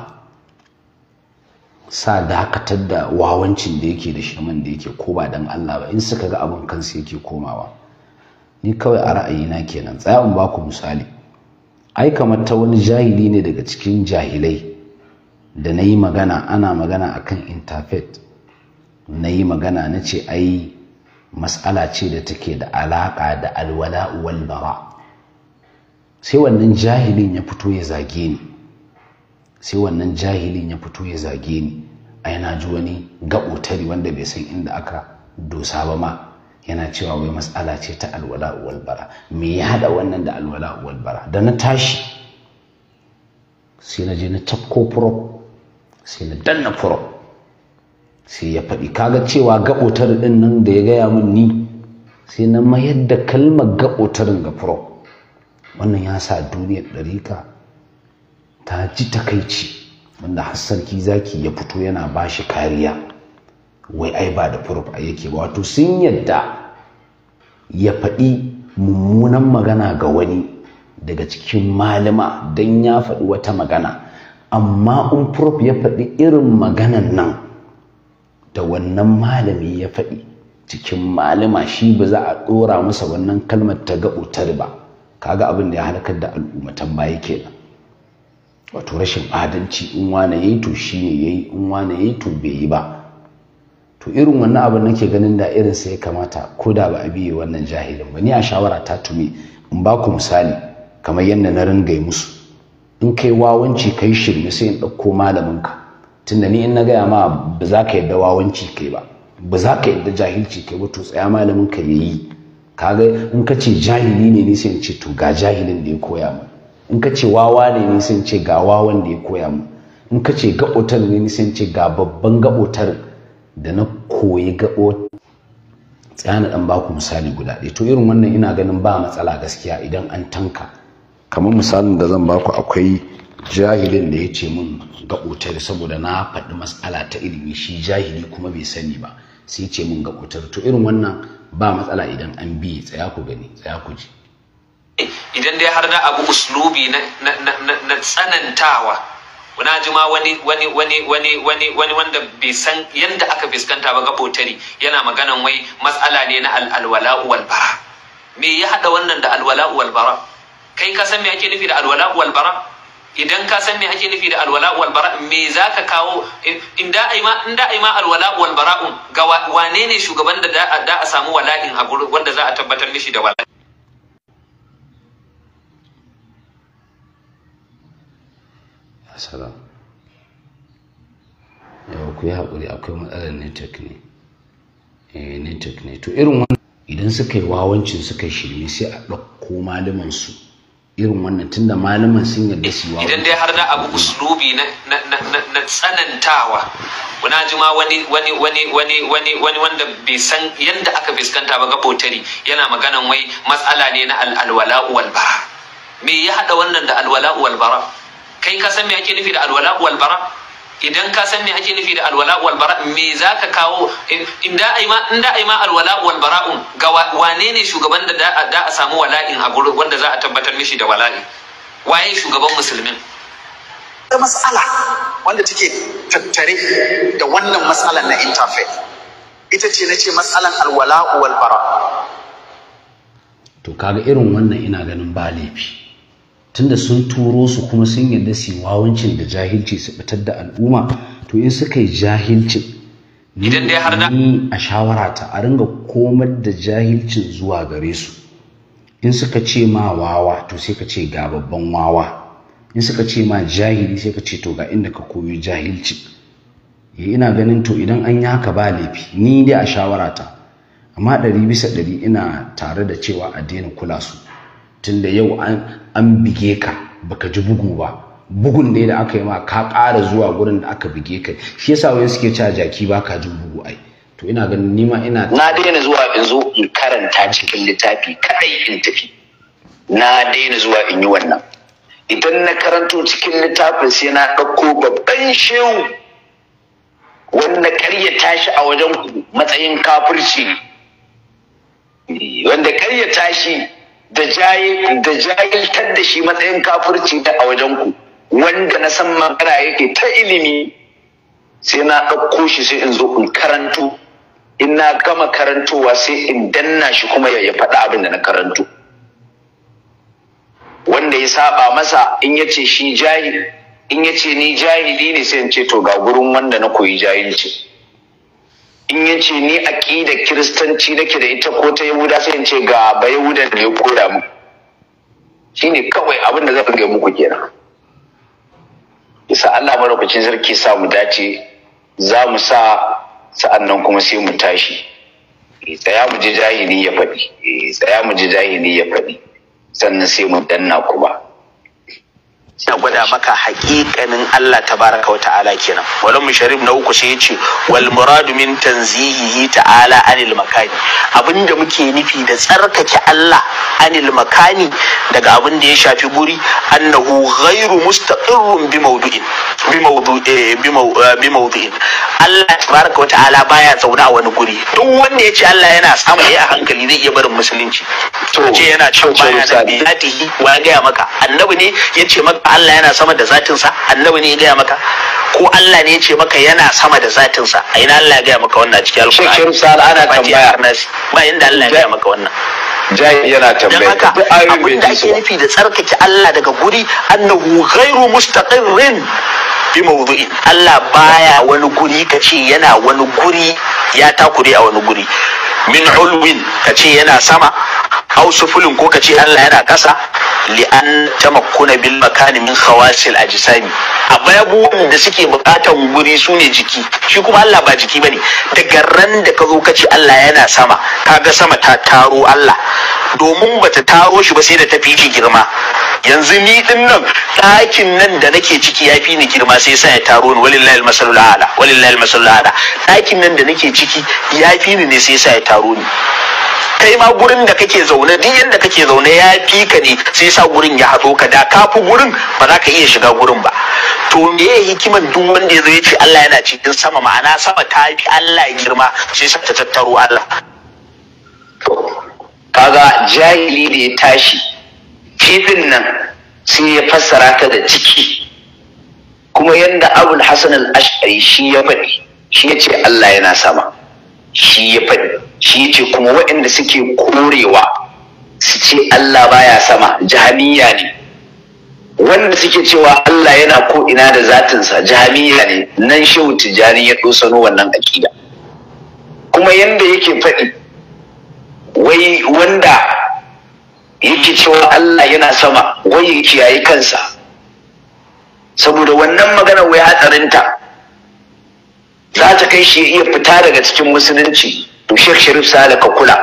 A: sa dakatar da wawancin da yake da shirman da yake ko ba dan Allah ba in suka ga abin kansu yake komawa ni kawai a ra'ayi na kenan tsaya in ku misali ai kamar ta wani jahili ne daga cikin jahilai da na yi magana ana magana akan interfaith na yi magana na ce ai mas'ala ce da take da alaƙa da alwala wal bara sai wannan jahilin ya fito ya zage ni sai wannan jahilin ya fito ya zage ni a yana ji wani gaɓotari wanda bai san inda aka dosa ba ma yana cewa wai matsala ce ta alwala walbara me ya haɗa wannan da alwala walbara da na tashi sai na je na tafko furo sai na danna furo sai ya faɗi kaga cewa gaɓotar ɗin nan da ya gaya mun ni sai na mayar da kalmar gaɓotarin ga furo wannan ya sa duniyar ɗarika ta ji takaici wanda har sarki zaki ya fito yana ba shi kariya wai ai ba da furuf a yake ba wato sun yadda ya faɗi mummunan magana ga wani daga cikin malama don ya faɗi wata magana amma in prof ya faɗi irin maganan nan da wannan malami ya faɗi cikin malama shi ba za a ɗora masa wannan kalmar ta ga ba kaga abin da ya halakar da al'ummatan baya kenan wato rashin adalci in wane yayi to shine yayi in wane yayi to bai yi ba to irin wannan abin nake ganin da irin sai ya kamata ko da ba a biye wannan jahilin ba ni a shawara ta tumi in ba ku misali kamar yadda na ringai musu in kai wawanci kai shirme sai in ɗauko malaminka tunda ni in na gaya ma ba za ka yadda wawanci kai ba ba za ka yadda jahilci kai ba to tsaya malaminka ya yi kaga in ka ce jahili ne ni sai ce to ga jahilin da ya koya min in ka ce wawa ne nisan ce ga wawan da ya koya mu in ka ce gaɓotar ne nisan ce ga babban gaɓotar da na koyi gaɓotar tsayana na ɗan baku misali guda ɗaya to irin wannan ina ganin ba matsala gaskiya idan an tanka kamar misalin da zan baku akwai jahilin da ya ce min gaɓotar saboda na faɗi matsala ta ilimi shi jahili kuma bai sani ba sai ce min gaɓotar to irin wannan ba matsala idan an biye tsaya ku gani tsaya ku ji
C: idan dai har na abu uslubi na tsanantawa na jima wani wani wani wani wani wani wanda bai san yanda aka fiskanta ba gabotari yana maganan wai matsala ne na alwala'u wal bara me ya hada wannan da alwala'u wal bara kai ka san me ake nufi da alwala'u wal bara idan ka san me ake nufi da alwala'u wal bara me ka kawo in da ai ma in da ai ma alwala'u wal bara'un ga wane ne shugaban da da a samu wala'in a gurin wanda za a tabbatar mishi da wala'in
A: assalam yau ku yi haƙuri akwai matsalar network ne eh network ne to irin wannan idan suka yi wawancin suka yi shirme sai a ɗauko malaman su irin wannan tunda malaman sun yarda
C: su wawancin. idan dai har na abu uslubi na na tsanantawa na ji ma wani wani wani wani wani wani wanda bai san yanda aka fuskanta ba gabotari yana maganan wai matsala ne na alwala wal bara me ya hada wannan da alwala wal bara kai ka san me ake nufi da alwala wal bara idan ka san me ake nufi da alwala wal bara me ka kawo in da ai ma in da ai ma alwala wal bara'un ga wane ne shugaban da da a samu wala'in a gurin wanda za a tabbatar mishi da wala'i waye shugaban musulmin da mas'ala
B: wanda take tattare da wannan mas'alan na interfaith ita ce na ce mas'alan alwala wal bara
A: to kaga irin wannan ina ganin ba laifi tunda sun turo su kuma sun yarda su wawancin da jahilci su fitar da al'umma to in suka yi jahilcin idan dai har a shawara ta a ringa komar da jahilcin zuwa gare su in suka ce ma wawa to sai ka ce ga babban wawa in suka ce ma jahili sai ka ce to ga inda ka koyo jahilci eh, ina ganin to idan an yi haka ba laifi ni dai a shawara ta amma ɗari bisa ɗari ina tare da cewa a daina kula su tunda yau an bige ka baka ji bugu ba bugun ne da aka yi ma ka ƙara zuwa gurin da aka bige ka shi yasa wai suke cewa jaki ba ka jin bugu ai to ina ganin nima ina na daina zuwa in zo in karanta cikin littafi kadai in tafi na daina zuwa in yi wannan idan na
B: karanto cikin littafin sai na ɗauko babban shehu wanda karya tashi a wajen matsayin kafirci wanda karya tashi da jahiltar da shi matsayin kafirci da a wajen ku wanda na san magana yake ta ilimi sai na ɗauko
A: shi sai in zo in karanto in na gama karantowa sai in danna shi kuma ya faɗi abin da na karanto wanda ya saba masa in ya ce shi jahil in ya ce ni jahili ne sai in ce to ga gurin wanda na koyi jahilci in ya ce ni aƙida kiristanci nake da ita ko ta yahuda sai in ce ga ba yahuda ne ya koya mu ne kawai abin da zan ga muku kenan isa Allah marabacin sarki sa mu dace za mu sa nan kuma sai mu tashi eh, tsaya mu ji jahili ya faɗi eh,
B: tsaya mu ji jahili ya faɗi sannan sai mu danna kuma ya gwada maka haƙiƙanin Allah tabaraka wa ta'ala kenan walam musharib na uku sai yace wal muradu min tanzihihi ta'ala anil makani abinda muke nufi da tsarkake Allah anil makani daga abin da ya shafi guri annahu ghairu mustaqirrun bi mawdu'in bi eh, eh, bi mawdu'in Allah tabaraka wa ta'ala baya zauna a wani guri duk wanda ya ce Allah yana samu ya hankali zai iya barin musulunci to ce yana cewa baya da bi wa ga maka annabi ne yace maka Allah yana sama da zatinsa annabi ne ya gaya maka ko Allah ne ya ce maka yana sama da zatinsa a ina Allah ya gaya maka wannan cikin alƙur'ani shi misal ana tambaya ba inda Allah ya gaya maka wannan jai yana tambaya duk ayoyin da ake nufi da tsarkake Allah daga guri annahu ghairu mustaqirrin bi mawdu'in Allah baya wani guri kace yana wani guri ya takure a wani guri min ulwin kace yana sama aw sufulin ko kace Allah yana kasa li an tamakkuna bil makani min khawasil ajsami abubuwan da suke bukatan guri sune jiki shi kuma Allah ba jiki bane daga ran da ka zo kace Allah yana sama kaga sama ta taro Allah domin bata taro shi ba sai da ta fi shi girma yanzu ni din nan ɗakin nan da nake ciki ya fi ni girma sai sa ya taro ni walillahi almasalul ala walillahi almasalul ala ɗakin nan da nake ciki ya fi ni ne sai sa ya taro ni kai ma gurin da kake zaune duk yadda kake zaune ya fi ka ne sai sa gurin ya hado, ka da ka fi gurin ba za ka iya shiga gurin ba to me ya hikiman duk wanda ya zo ya ce Allah yana cikin sama ma'ana sama ta fi Allah girma sai sa ta tattaro Allah kaga jahili da ya tashi kifin nan sai ya fassara ta da ciki kuma yadda abul hasan al-ash'ari shi ya faɗi shi ya ce Allah yana sama shi ya faɗi shi ya ce kuma waɗanda suke korewa
A: su ce Allah baya sama jahamiya ne wanda suke cewa Allah yana ko ina da zatinsa jahamiya ne nan shehu tijani ya ɗosano wannan
B: aƙida kuma yadda yake faɗi wai wanda yake cewa Allah yana sama wai ya kiyaye kansa saboda wannan magana wai hatsarinta za ta kai shi iya fita daga cikin musulunci to Sheikh Sharif Sale ka kula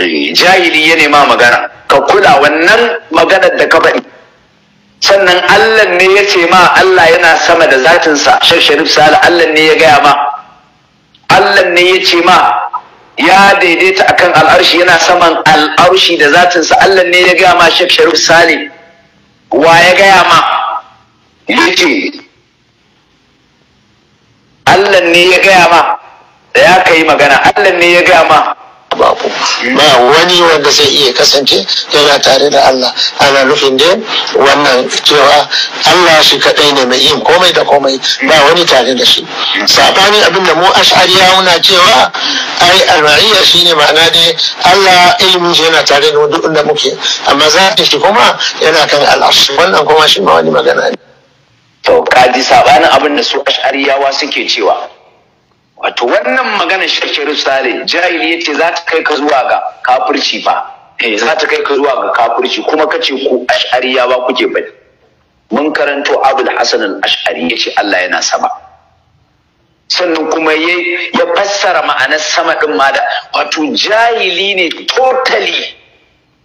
B: eh,
A: jahili ya nema magana ka kula wannan maganar da ka faɗi sannan Allah ne ya ce ma Allah yana sama da zatinsa Sheikh Sharif Sale Allah ne ya gaya ma Allah ne ya ce ma ya daidaita akan al'arshi yana
B: saman al'arshi da zatinsa Allah ne ya gaya ma Sheikh Sharif Salim wa ya gaya ma yace Allah ne ya gaya ma da ya kai magana Allah ne ya gaya ma bako ba wani wanda zai iya kasance yana tare da Allah ana nufin da wannan cewa Allah shi kadai ne mai yin komai da komai ba wani tare da shi sabanin abin da mu ash'ariya muna cewa ai al-ma'iyya shine ma'ana ne Allah ilmin shi yana tare da duk inda muke amma zati shi kuma yana kan al'arsh wannan kuma shi ma wani magana ne to kaji sabanin abin da su ash'ariyawa suke cewa
A: wato wannan magana shakiru sale jahili yace za ta kai ka zuwa ga kafirci fa eh. za ta kai ka zuwa ga kafirci kuma kace ku ba kuke bane mun karanto abul hasan al-ash'ari yace Allah yana sama sannan kuma
B: ya fassara ma'anar sama ɗin ma da wato jahili ne totally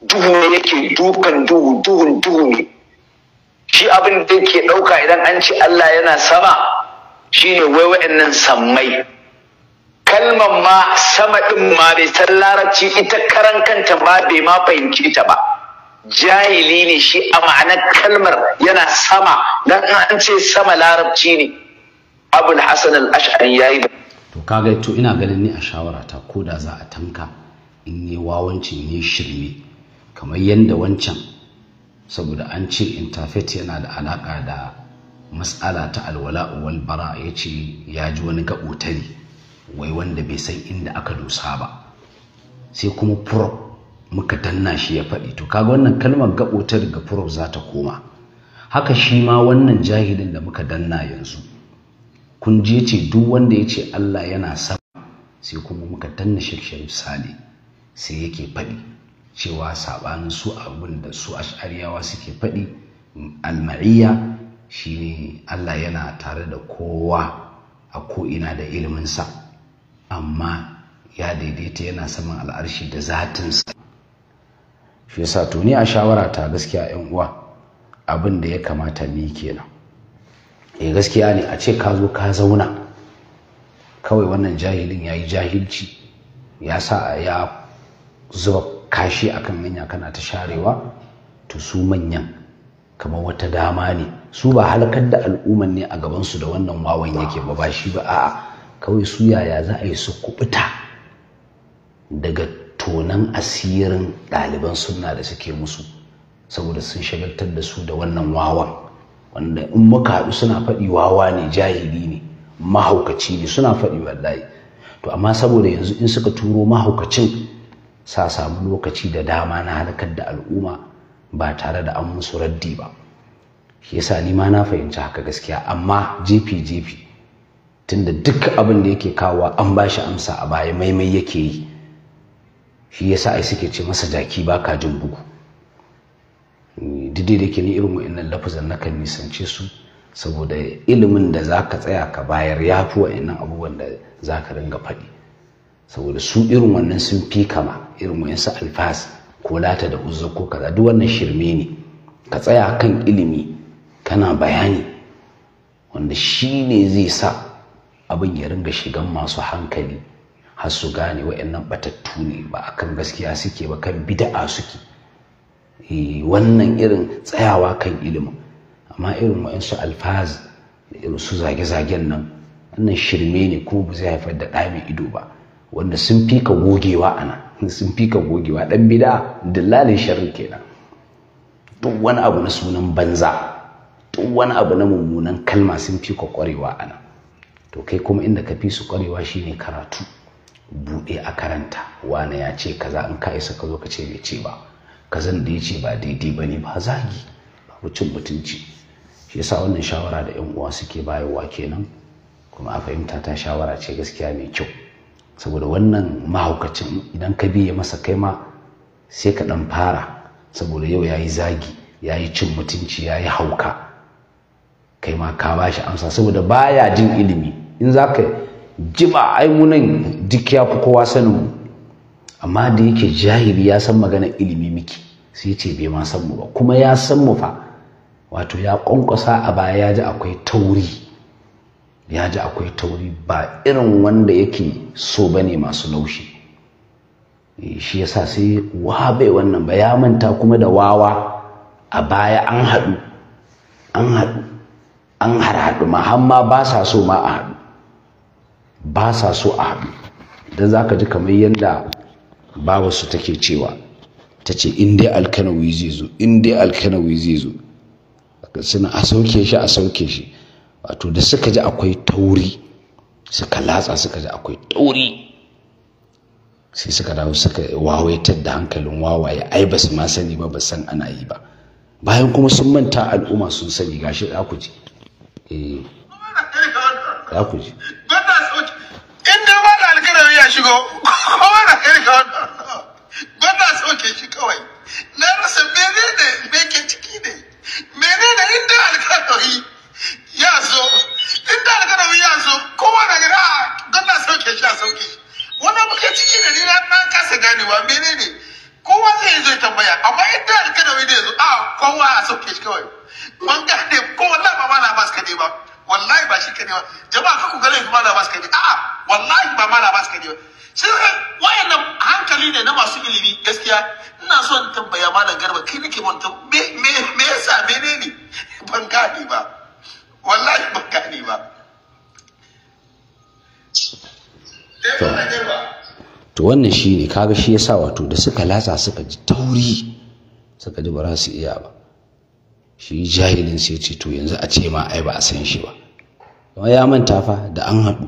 B: duhu ne yake dukan duhu duhun duhu ne shi
A: abin da yake ɗauka idan an ce Allah yana sama shine wai wa'annan sammai Kalmar ma sama ɗin ma bai san larabci ita karan kanta
B: ba bai ma fahimci ta ba jahili ne shi a ma'anar kalmar yana sama dan an ce sama larabci ne
A: abul hasan al-ash'ari yayi to kaga to ina ganin ni a shawara ta ko da za a tanka in yi wawancin ne shirme kamar yadda wancan saboda an ce interfaith yana da alaka da matsala ta alwala wal bara ya ya ji wani gabotari wai wanda bai san inda aka dosa ba sai kuma Furo muka danna shi ya faɗi to kaga wannan kalmar gabotar ga Furo za ta koma haka shi ma wannan jahilin da muka danna yanzu kun je ce duk wanda ya ce Allah yana sama sai kuma muka danna Sheikh Sharif Sale sai yake faɗi cewa sabanin su abin da su ash'ariyawa suke faɗi al-ma'iyya shine Allah yana tare da kowa a ko'ina da iliminsa amma ya daidaita yana saman al'arshi da zatinsa shi yasa to ni a shawara ta gaskiya yan uwa abin da ya kamata ni kenan eh gaskiya ne a ce ka zo ka zauna kawai wannan jahilin ya yi jahilci ya sa a ya zuba kashi akan manya kana ta sharewa to su manyan kamar wata dama ne su ba halakar da al'umman ne a gabansu da wannan wawan yake ba ba shi ba a'a kawai su yaya za a yi su kubuta daga tonan asirin ɗaliban suna da suke musu saboda sun shagaltar da su da wannan wawan wanda in muka haɗu suna faɗi wawa ne jahili ne mahaukaci ne suna faɗi wallahi to amma saboda yanzu in suka turo mahaukacin sa samu lokaci da dama na halakar da al'umma ba tare da an musu raddi ba shi yasa ni ma na fahimci haka gaskiya amma jefi jefi tunda duk abin da yake kawo an ba shi amsa a baya maimai yake yi shi yasa ai suke ce masa jaki ba ka jin bugu dide da ke ni irin wa'annan lafazan na kan nisance su saboda ilimin da za ka tsaya ka bayar ya fi wa'annan abubuwan da za ka ringa faɗi saboda su irin wannan sun fi kama irin wa'ansu alfas ko lata da uzza ko kaza duk wannan shirme ne ka tsaya kan ilimi kana bayani wanda shi ne zai sa abin ya ringa shigan masu hankali har su gane wa'annan batattu ne ba kan gaskiya suke ba kan bida'a suke eh, wannan irin tsayawa kan ilimin amma irin wa'ansu alfaz da irin su zage-zagen nan wannan shirme ne ko ba zai haifar da ɗa ido ba wanda sun fi ka gogewa a nan sun fi ka gogewa ɗan bida dillalin sharri kenan duk wani abu na sunan banza duk wani abu na mummunan kalma sun fi ka ƙwarewa a nan to kai kuma inda ka fi su kwarewa shine karatu buɗe a karanta wane ya ce kaza in ka isa ka zo ka ce bai ce ba kazan da ya ce ba daidai ba ne ba zagi ba cin mutunci shi yasa wannan shawara da yan uwa suke bayarwa kenan kuma a fahimta ta shawara ce gaskiya mai kyau saboda wannan mahaukacin idan ka biye masa kai ma sai ka ɗan fara saboda yau ya yi zagi ya yi cin mutunci ya yi hauka kai ma ka ba shi amsa saboda baya jin ilimi in za ka jiba aimunan duk ya fi kowa sanin mu amma da yake jahili ya san magana ilimi miki sai ce bai ma san mu ba kuma ya san mu fa wato ya ƙwanƙwasa a baya ya ji akwai tauri ya ji akwai tauri ba irin wanda yake so ba ne masu laushi eh, shi ya sa sai wa bai wannan ba ya manta kuma da wawa a baya an haɗu an haɗu an haɗu ma har ma ba sa so ma a haɗu ba sa so a haɗu don za ka ji kamar yadda babarsu take cewa ta ce in alkanawi zai zo in dai alkanawi zai zo suna a sauke shi a sauke shi wato da suka ji akwai tauri suka latsa suka ji akwai tauri sai suka dawo suka wawaitar da hankalin wawaye ai ba su ma sani ba ba san ana yi ba bayan kuma sun manta al'umma sun sani gashi ji eh za ku ji
B: shigo kowa na irin ba gwamna sauke shi kawai na rasa menene me ke ciki ne menene inda alkalawi ya zo inda alkalawi ya zo kowa na gani ah, a gwamna sauke shi a sauke shi wannan muke ciki ne ni na kasa ganewa menene kowa zai zai tambaya amma inda alkalawi ne ya zo a ah, kowa a sauke shi kawai ban gane kowa na ba ma na ba su kade ba wallahi ba shi kane ba jama'a ka ku ga laifin malam abbas kane a'a wallahi ba malam abbas kane ba shi wayannan hankali ne na masu ilimi gaskiya ina so in tambaya malam garba kai nake mun me me me yasa menene ban gani ba wallahi ban gani ba
A: eh, to wannan shi ne kaga shi yasa wato da suka latsa suka ji
B: tauri
A: suka ji ba za su iya ba shi jahilin sai ce to yanzu a ce ma ai ba a san shi ba kuma ya manta fa da an haɗu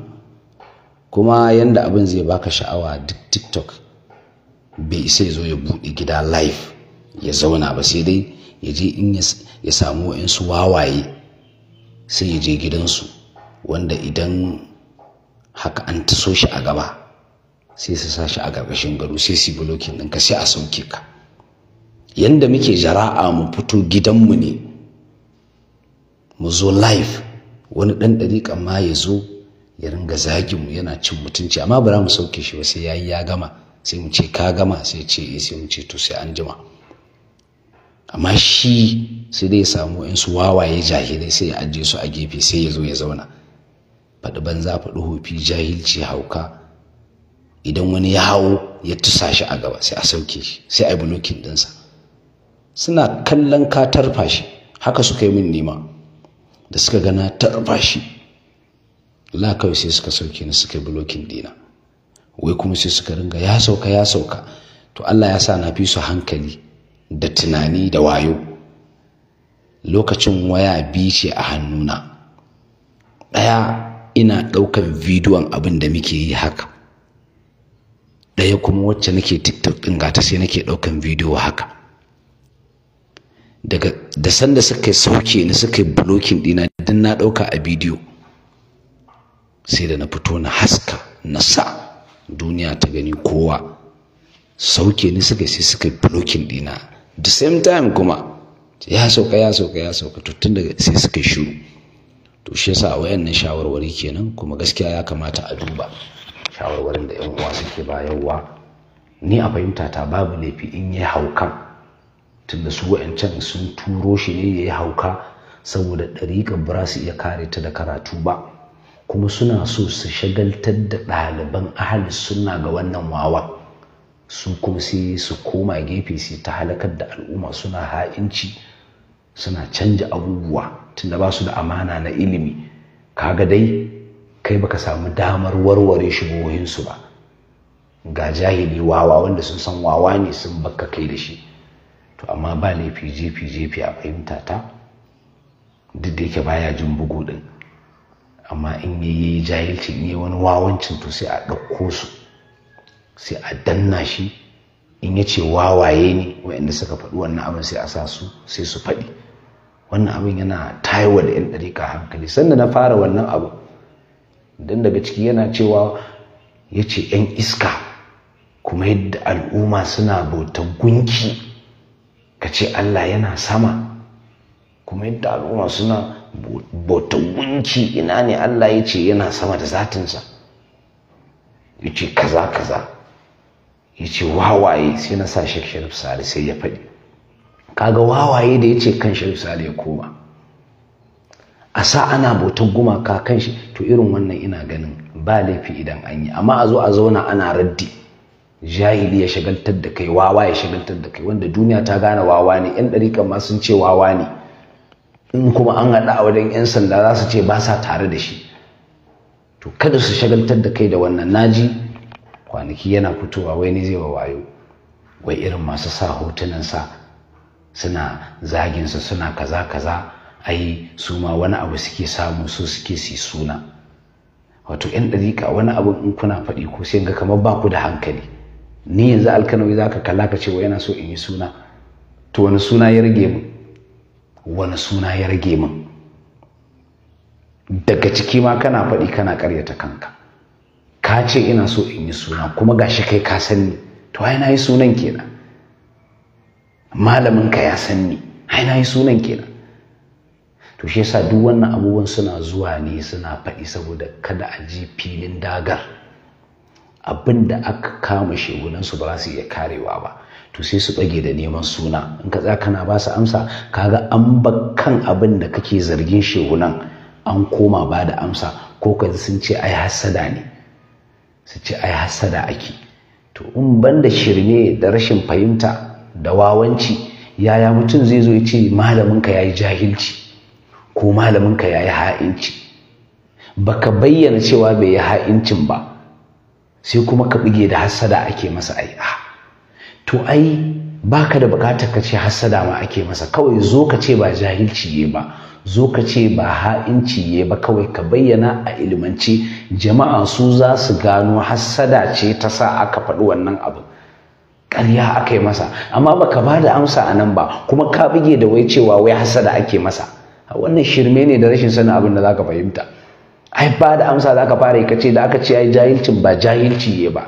A: kuma yanda abin zai baka sha'awa duk tiktok bai isa yazo zo ya buɗe gida live ya zauna ba sai dai ya je in ya samu wa'insu wawaye sai ya je gidansu wanda idan haka an taso shi a gaba sai su sa shi a gargashin gado sai su yi blocking ɗinka sai a sauke ka yanda muke jara'a mu fito gidanmu ne mu zo live wani ɗan ɗariƙan ma ya zo ya ringa zagin mu yana cin mutunci amma ba za mu sauke shi ba sai ya yi ya gama sai mu ce ka gama sai ce eh sai mu ce to sai an jima amma shi sai dai ya samu in su wawaye jahilai sai ya ajiye su a gefe sai ya zo ya zauna faɗi banza faɗi hofi jahilci hauka idan wani ya hau ya tusa shi a gaba sai a sauke shi sai a yi bulokin ɗinsa suna kallon ka tarfa shi haka suka yi min nima da suka gana tarfa shi la kawai sai suka sauke ni suka yi bulokin dina wai kuma sai suka ringa ya sauka ya sauka to Allah ya sa na fi su hankali da tunani da wayo lokacin waya biyu ce a hannuna ɗaya ina ɗaukan bidiyon abin da muke yi haka ɗaya kuma wacce nake tiktok ɗin gata sai nake ɗaukan bidiyo haka daga da sanda suka sauke ni suka yi blocking dina din na dauka a bidiyo sai da na fito na haska na sa duniya ta gani kowa sauke ni suka sai suka yi blocking dina the same time kuma ya sauka ya sauka ya sauka to tun daga sai suka shiru to shi yasa wayannan shawarwari kenan kuma gaskiya ya kamata a duba shawarwarin da yan uwa suke bayarwa ni a fahimta ta babu laifi in yi haukan tunda su wa'ancan sun turo shi ne ya yi hauka saboda ɗariƙar ba su iya kare ta da karatu ba kuma suna so su shagaltar da ɗaliban ahal suna ga wannan wawa su kuma sai su koma gefe sai ta halakar da al'umma suna ha'inci suna canja abubuwa tunda ba su da amana na ilimi kaga dai kai baka samu damar warware shigohinsu ba ga jahili wawa wanda sun san wawa ne sun baka kai da shi to amma ba laifi jefi jefi a fahimta ta duk da yake baya jin bugu din amma in yayi jahilci in yayi wani wawancin to sai a ɗauko su sai a danna shi in ya ce wawaye ne wa'anda suka faɗi wannan abin sai a sa su sai su faɗi wannan abin yana tayowa da 'yan ɗarika hankali sannan na fara wannan abu don daga ciki yana cewa yace ce 'yan iska kuma yadda al'umma suna bautan gunki ka ce Allah yana sama kuma yadda al'umma suna bauta wunki ina ne Allah ya ce yana sama da zatinsa ya ce kaza kaza ya ce wawaye sai na sa shek sharif sale sai ya faɗi kaga wawaye da ya ce kan sharif sale ya koma a sa ana bautar gumaka kan shi to irin wannan ina ganin ba laifi idan an yi amma a zo a zauna ana raddi jahili ya shagaltar da kai wawa ya shagaltar da kai wanda duniya ta gane wawa ne yan dariƙar ma sun ce wawa ne in kuma an haɗa a wajen yan sanda za su ce ba sa tare da shi to kada su shagaltar da kai da wannan naji kwanaki yana fitowa wai ne zai wa wayo wai irin masu sa hotunan sa suna zaginsa, suna kaza kaza ai su ma wani abu suke samu su suke si suna wato yan ɗariƙa wani abu in kuna faɗi ko sai ga kamar ba ku da hankali ni yanzu alkanawi za ka kalla ka ce wa yana so in yi suna to wani suna ya rage min wani suna ya rage min daga ciki ma kana faɗi kana ƙaryata kanka ka ce ina so in yi suna kuma ga shi kai ka san ni to ai na yi sunan kenan malamin ka ya san ni ai na yi sunan kenan to shi yasa duk wannan abubuwan suna zuwa ne suna faɗi saboda kada a ji filin dagar abin da aka kama su ba za su iya karewa ba to sai su tsage da neman suna in ka tsaya kana ba su amsa kaga an ba kan abin da kake zargin shegunan an koma ba da amsa ko ka sun ce ai hasada ne su ce ai hasada ake to in ban da shirme da rashin fahimta da wawanci yaya mutum zai zo ya ce malaminka ya yi jahilci ko malaminka ya yi ha'inci baka bayyana cewa bai yi ha'incin ba sai kuma ka buge da hassada ake masa ai a ah, to ai baka da bukatar ka ce hassada ma ake masa kawai zo ka ce ba jahilci ye ba zo ka ce ba ha'inci ye ba kawai ka bayyana a ilimance jama'a su za su gano hassada ce ta sa aka faɗi wannan abu ƙarya aka yi masa amma baka ba da amsa a nan ba kuma ka buge da wai cewa wai hassada ake masa wannan shirme ne da rashin sanin abin da za ka fahimta ai ba da amsa za ka fara yi ka ce da aka ce ai jahilcin ba jahilci ya ba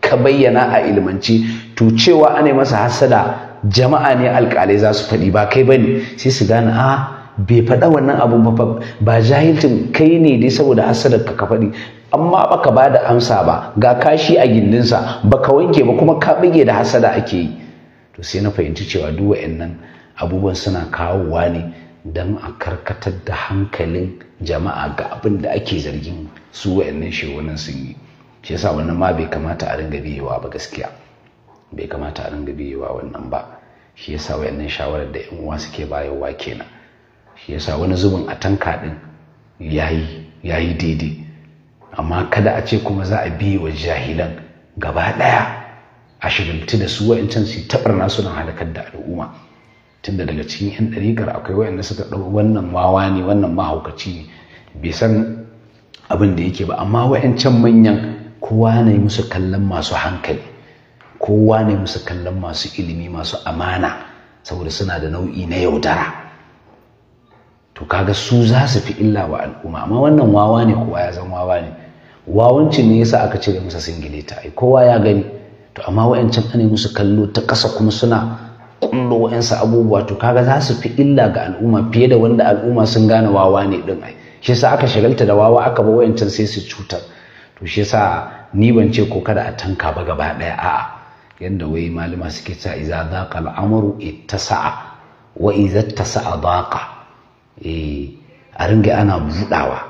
A: ka bayyana a ilmanci to cewa ana masa hasada jama'a ne alƙalai za su faɗi ba kai bane sai su gane a ah, bai faɗa wannan abun ba ba jahilcin kai ne dai saboda hasadar ka faɗi amma baka ba da amsa ba ga kashi a gindinsa ka wanke ba kuma ka bige da hasada ake yi to sai na fahimci cewa duk wa'annan abubuwan suna kawowa ne don a karkatar da hankalin jama'a ga abin da ake zargin su wa'annan shehunan sun yi shi yasa wannan ma bai kamata a ringa biyewa ba gaskiya bai kamata a ringa biyewa wannan ba shi yasa wa'annan shawarar da yan uwa suke bayarwa kenan shi yasa wani zubin a tanka din yayi yayi daidai amma kada a ce kuma za a biye wa jahilan gaba daya a shirimci da su wa'ancan su taɓarna suna halakar da al'umma tunda daga cikin 'yan ɗariƙar akwai wayanda suka ɗau wannan wawa ne wannan mahaukaci ne bai san abin da yake ba amma wayancan manyan kowa ne musu kallon masu hankali kowa ne musu kallon masu ilimi masu amana saboda suna da nau'i na yaudara to kaga su za su fi illa wa al'umma amma wannan wawa ne kowa ya zan wawa ne wawancin ne yasa aka cire masa singileta ai kowa ya gani to amma wayancan ne musu kallo ta ƙasa kuma suna kullo wa'ansu abubuwa to kaga za su fi illa ga al'umma fiye da wanda al'umma sun gane wawa ne din ai shi yasa aka shagalta da wawa aka ba wayancan sai su cutar to shi yasa ni ban ce ko kada a tanka ba gaba daya a'a yanda wai malama suke cewa idza dhaqa al'amru ittasa'a wa idza ittasa'a dhaqa eh a ringa ana budawa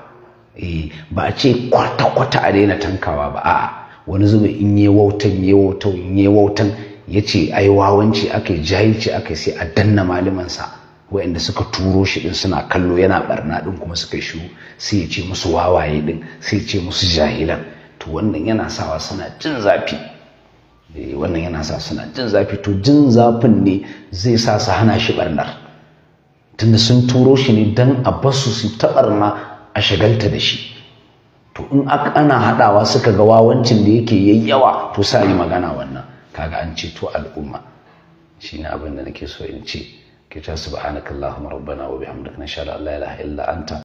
A: eh ba a ce kwata kwata a daina tankawa ba a'a wani zuba in yi wautan yi wautan in yi wautan ya ce ai wawanci aka yi jahilci aka sai a danna malimansa wa'anda suka turo shi din suna kallo yana barna din kuma suka shiru sai ya ce musu wawaye din sai ya ce musu jahilan to wannan yana sawa suna jin zafi eh, wannan yana sa suna jin zafi to jin zafin ne zai sa su hana shi barnar tunda sun turo shi ne don a basu su ta barna a shagalta da shi to in ana haɗawa suka ga wawancin da yake yayyawa, to sa yi magana wannan kaga an ceto al'umma
B: shine abin da nake so in ce kita subhanakallahumma rabbana wa bihamdika nashhadu an la ilaha illa anta